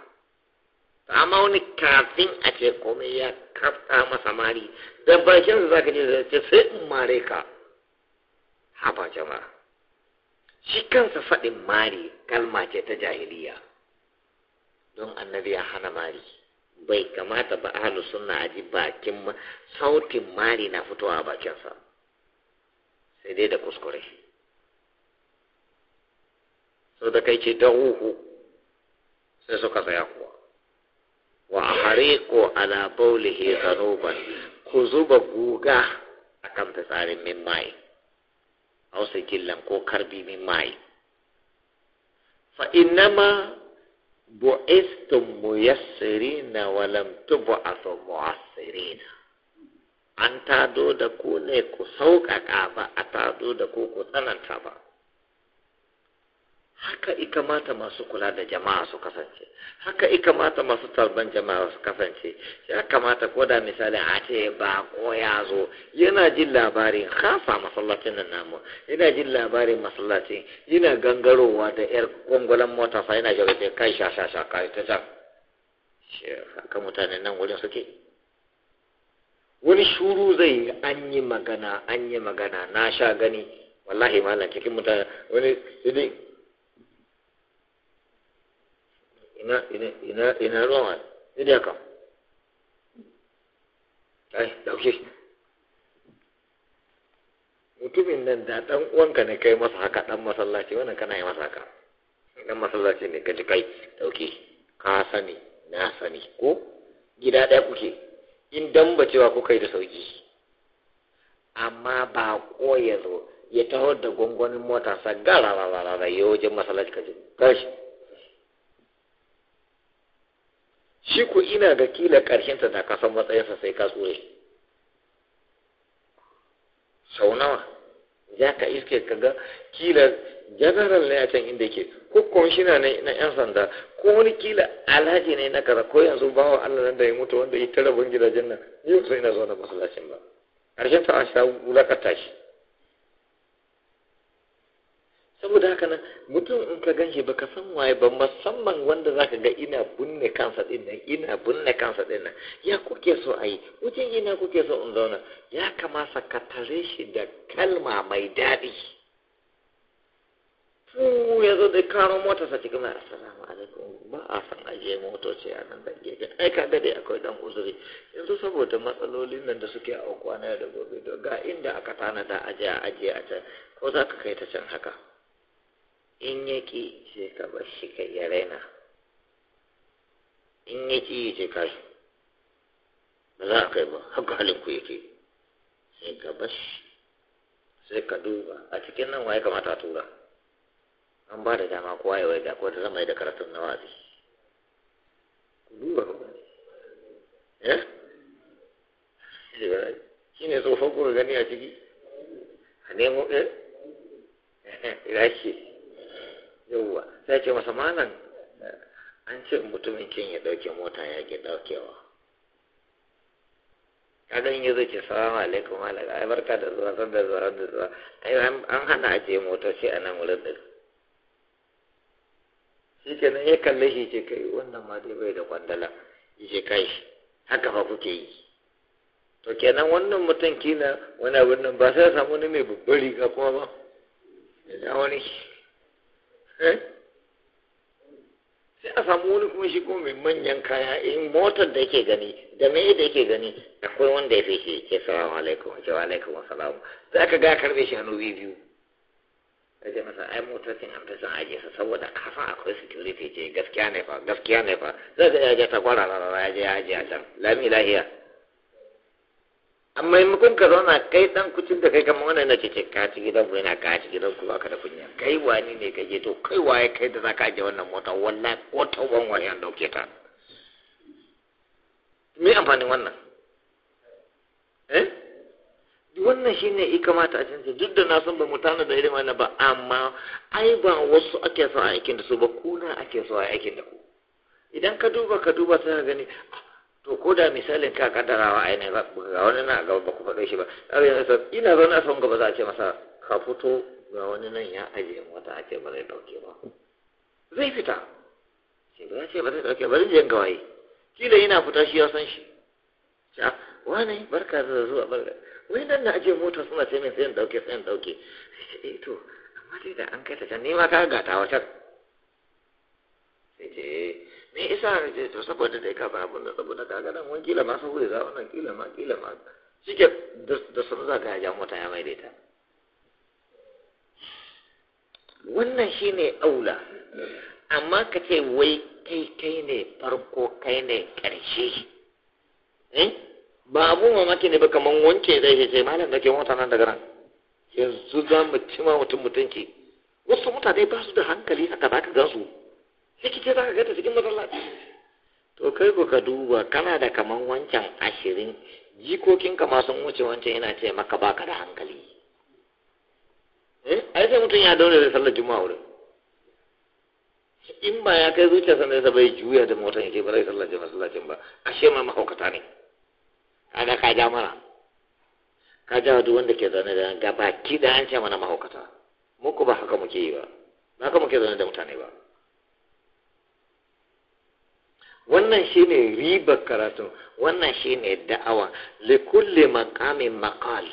amma wani kafin a ce komai ya kafta masa mari da bakin za ka ce sai in mare ka haba jama'a shi kansa faɗin mari kalma ce ta jahiliya don annabi ya hana mari bai kamata ba ahlu sunna a ji bakin sautin mari na fitowa a bakinsa sai dai da kuskure sau da kai ce ta huhu sai suka tsaya kuwa wa a hariqu ala bawlihi zanuban ku zuba guga kan fitsarin min mai Hausa killan ko karbi min mai fa innama bu'istum muyassirina wa a tub'athu na an tado da ku ne ku sauƙaƙa ba a tado da ku ku tsananta ba haka ikamata masu kula da jama'a su kasance haka ikamata masu tarban jama'a su kasance ya kamata ko da misali a ce ba ko ya zo yana jin labarin hasa masallacin nan namu yana jin labarin masallacin yana gangarowa da yar gwangwalan mota fa yana jawo kai sha sha sha kai ta ta haka mutane nan wurin suke wani shuru zai an yi magana an yi magana na sha gani wallahi malam cikin mutane wani ina ina ina ruwan wani sai kan ai dauke mutumin nan da dan uwanka ne kai masa haka dan masallaci wannan kana yi masa haka dan masallaci ne kaji kai dauke ka sani na sani ko gida ɗaya kuke in dan bacewa ku kai da sauki amma ba ko ya zo ya taho da gwangwanin mota sa gara ya wajen masallaci kaji kashi shi ku ina ga kila ta da kasan matsayinsa sai ka tsure sau nawa za ka iske ka ga kila general ne a can inda ke ko komishina ne na yan sanda ko wani kila alhaji ne na kaza ko yanzu bawa allah nan da ya mutu wanda ya tara gidajen nan yau sai na zo na masallacin ba ƙarshen ta a sha wulakata shi saboda haka nan mutum in ka gan shi ba ka san waye ba musamman wanda za ka ga ina bunne kansa ɗin ina bunne kansa ɗin ya kuke so a yi wajen ina kuke so in zauna ya kamata ka tare shi da kalma mai daɗi Fuuu ya zo da karo motarsa cikin mai asalama alaikum ba a san ajiye motoci a nan da gefe ai ka gade akwai dan uzuri yanzu saboda matsalolin nan da suke a na da gobe ga inda aka tanada ajiye a ajiye a can ko za ka kai ta can haka in yake ƙi sai ka bar shi ka ya raina in yake yi sai ka ba za a yi ba haka halin ku yake sai ka bar shi sai ka duba a cikin nan waye kamata a tura an ba da dama kowa ya waiga ko da zama yi da karatun na wazi ku duba ku eh shi ne tsohon ku gani a ciki a nemo eh <laughs> shi. yauwa sai ce masa malam an ce mutumin kin ya dauke mota ya ke daukewa kaga in yazo ce salamu alaikum malam ai barka da zuwa san zuwa ran da zuwa ai an hana a je mota sai nan wurin din shi kenan ya kalle shi ce kai wannan ma dai bai da kwandala ya ce kai haka fa kuke yi to kenan wannan mutum kina wani abin nan ba sai samu wani mai babbar riga kuma ba ya wani Eh? sai a samu wani kuma shi kuma mai manyan kaya in eh, motar da yake gani da me da yake gani akwai wanda ya fi shi ke salamu alaikum ke wa alaikum salamu za ka ga karbe shi hannu biyu a ce masa ai motocin an fi son aje sa saboda kafa akwai security ce gaskiya ne fa gaskiya ne fa zai ga ya ta kwara rarara ya je ya aje a can lami lahiya amma in kun ka zauna kai dan kucin da kai kamar wannan na ce ka ci gidan ku yana ka ci gidan ku baka da kunya kai wani ne ka je to kai waye kai da zaka je wannan mota wallahi ko tauban waye an dauke ta me amfanin wannan eh wannan shine i kamata a canza duk da na san ba mu tana da irin wannan ba amma ai ba wasu ake so a aikin da su ba kuna ake so a aikin da ku idan ka duba ka duba sai ka gani to ko da misalin ka kaddarawa ainihin za ku ga wani na gaba ba ku faɗo shi ba ina zo na son gaba za a ce masa ka fito ga wani nan ya ajiye mota a ce ba zai ɗauke ba zai fita ce ba ya ce ba zai ɗauke ba zai je gawaye kila yana fita shi ya san shi sha wani barka da zuwa barka wai nan na ajiye mota suna ce min sai in ɗauke sai in ɗauke sai ce eh to amma dai da an kai ta can ni ma ka ga ta wacan sai ce eh me isa je to saboda dai ka babu da saboda kaga nan wani kila ma saboda za wannan kila ma kila ma shike da sun ka ya mota ya ita. wannan shine aula amma ka ce wai kai kai ne farko kai ne karshe eh ba abu mamaki ne ba kaman wanke zai ce malam da ke mota nan daga nan yanzu za mu cima mutum mutunci wasu mutane ba su da hankali haka ba ka gansu. su sai ce za ka gata ta cikin masallaci to kai ko ka duba kana da kaman wancan ashirin jikokinka ma sun wuce wancan yana ce maka baka da hankali eh ai sai mutum ya daure da sallar juma'a wurin in ba ya kai zuciyarsa ne bai juya da motar yake ba zai sallar juma'a sallacin ba ashe ma mahaukata ne kaga ka ja mana ka ja duk wanda ke zaune da gaba ki da an ce mana mahaukata muku ba haka muke yi ba ba haka muke zaune da mutane ba wannan shine ribar karatu wannan shine da'awa li kulli maqamin maqal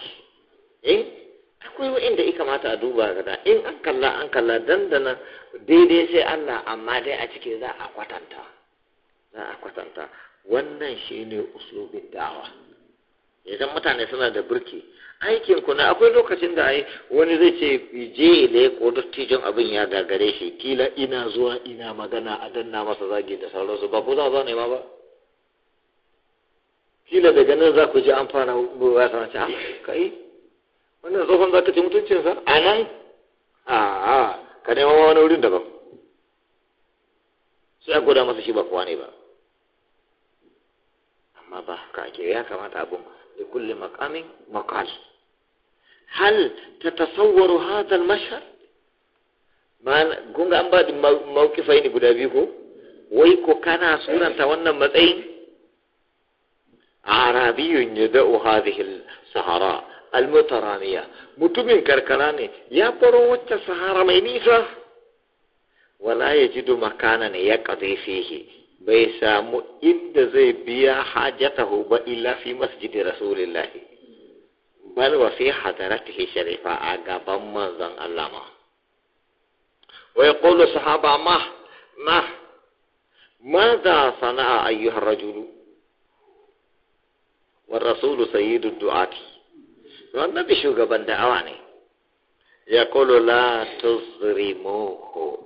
eh akwai wa'inda ya kamata a duba gada in an kalla an kalla dandana daidai sai Allah amma dai a ciki za a kwatanta za a kwatanta wannan shine uslubin da'awa idan mutane suna da burki aikin ku na akwai lokacin da ai wani zai ce je ne ko dattijon abin ya gagare shi kila ina zuwa ina magana a danna masa zagi da sauransu ba ku za zo ne ma ba kila daga nan za ku ji an fara buwa sana ce ah, kai wannan tsohon za ka ci mutuncinsa a nan a ka nema wani wurin daban sai a gwada masa shi ba kuwa ne ba amma ba ka ke ya kamata abin لكل مقام مقال هل تتصور هذا المشهد ما جونغ أمبا دي موقفين قد أبيكو ويكو كان أسورا تونا مدين عربي يدعو هذه الصحراء المترانية متمن كركراني يا بروت سهارة مينيسا ولا يجد مكانا يقضي فيه bai samu inda zai biya hajjatahu ba illa fi masjidi rasulillahi bal wa fi hadarati sharifa a gaban manzon Allah ma wa yaqulu sahaba ma ma madha sana'a ayyuha rajul war rasul sayyidu du'ati wannan bi shugaban da'awa ne yaqulu la tusrimuhu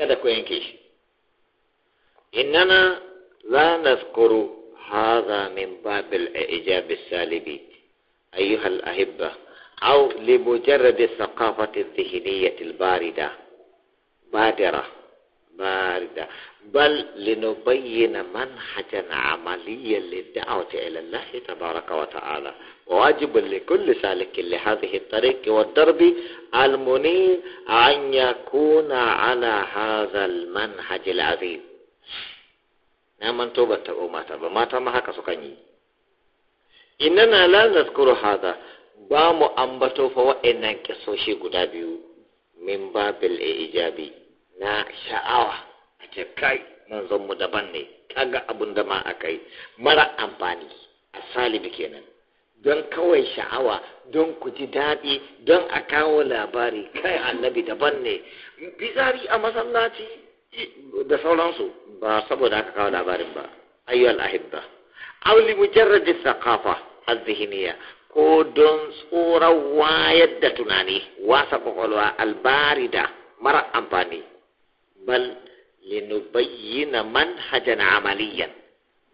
kada ku yanke shi إننا لا نذكر هذا من باب الإعجاب السالبي أيها الأحبة أو لمجرد الثقافة الذهنية الباردة بادرة باردة بل لنبين منهجا عمليا للدعوة إلى الله تبارك وتعالى واجب لكل سالك لهذه الطريق والدرب المنير أن يكون على هذا المنهج العظيم na manto ban taɓa mata ba mata ma haka sukan yi na la nazkuru haza. ba mu ambato fa wa'annan kisoshi guda biyu min babil ijabi na sha'awa a ce kai zan mu daban ne kaga abun da ma akai mara amfani a salibi kenan don kawai sha'awa don ku ji daɗi don a kawo labari kai annabi daban ne fitsari a masallaci da sauransu ba saboda aka kawo labarin ba ayyuhal ahibba aw li mujarradi thaqafa az ko don tsoron wayar da tunani wasa kwakwalwa albarida mara amfani bal manhaja na amaliyan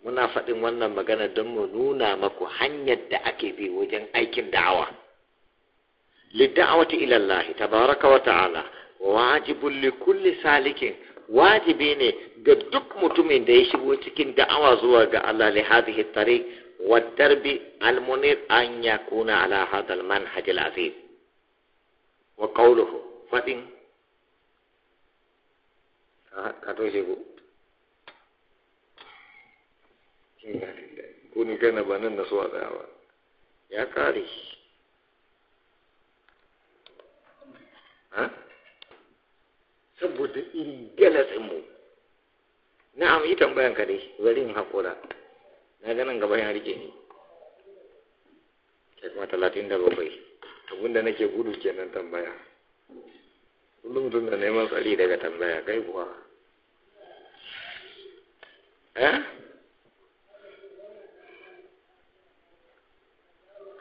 muna faɗin wannan magana don mu nuna maku hanyar da ake bi wajen aikin da'awa lidda'awati ila Allah tabaraka wa ta'ala wajibun li kulli salikin wajibi ne ga duk mutumin da ya shigo cikin da'awa zuwa ga Allah li hadhihi tariq wa darbi al munir an yakuna ala hadha al manhaj al aziz wa qawluhu fadin ka to shi ko ko ni kana banan nan na so a tsayawa ya kare ha saboda irin galasinmu na yi tambayan ka dai bari in haƙura na ganin gaba ya rike ni sai kuma talatin da bakwai abin da nake gudu kenan tambaya kullum mutum da neman tsari daga tambaya kai kuwa eh?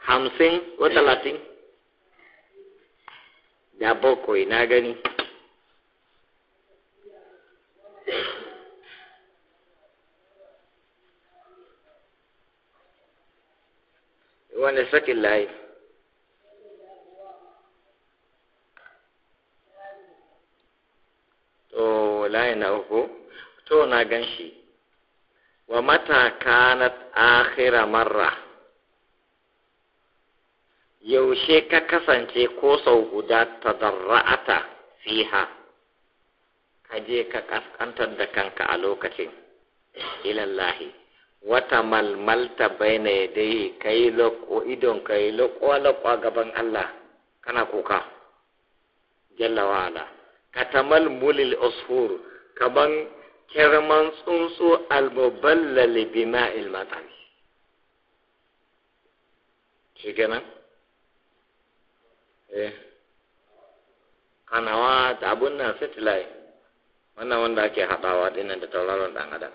hamsin ko talatin da bakwai na gani wani sakin layi to layi na uku to na gan wa mata kanat akhira marra yaushe ka kasance ko sau guda ta tadarra'ata fiha ka je ka kaskantar da kanka a lokacin ilallahi wata malmalta baina ya dai kai lako idon kai yi lako a gaban Allah kana kuka jalla wa'ala katamal mulil usfur kaban kirman tsuntsu almuballal bima ilmatan shi gana? eh kanawa da abun nan wannan wanda ake haɗawa dinan da tauraron ɗan adam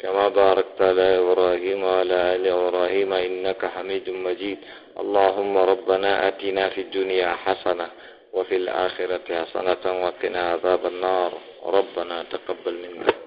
كما باركت على إبراهيم وعلى آل إبراهيم إنك حميد مجيد اللهم ربنا أتنا في الدنيا حسنة وفي الآخرة حسنة وقنا عذاب النار ربنا تقبل منا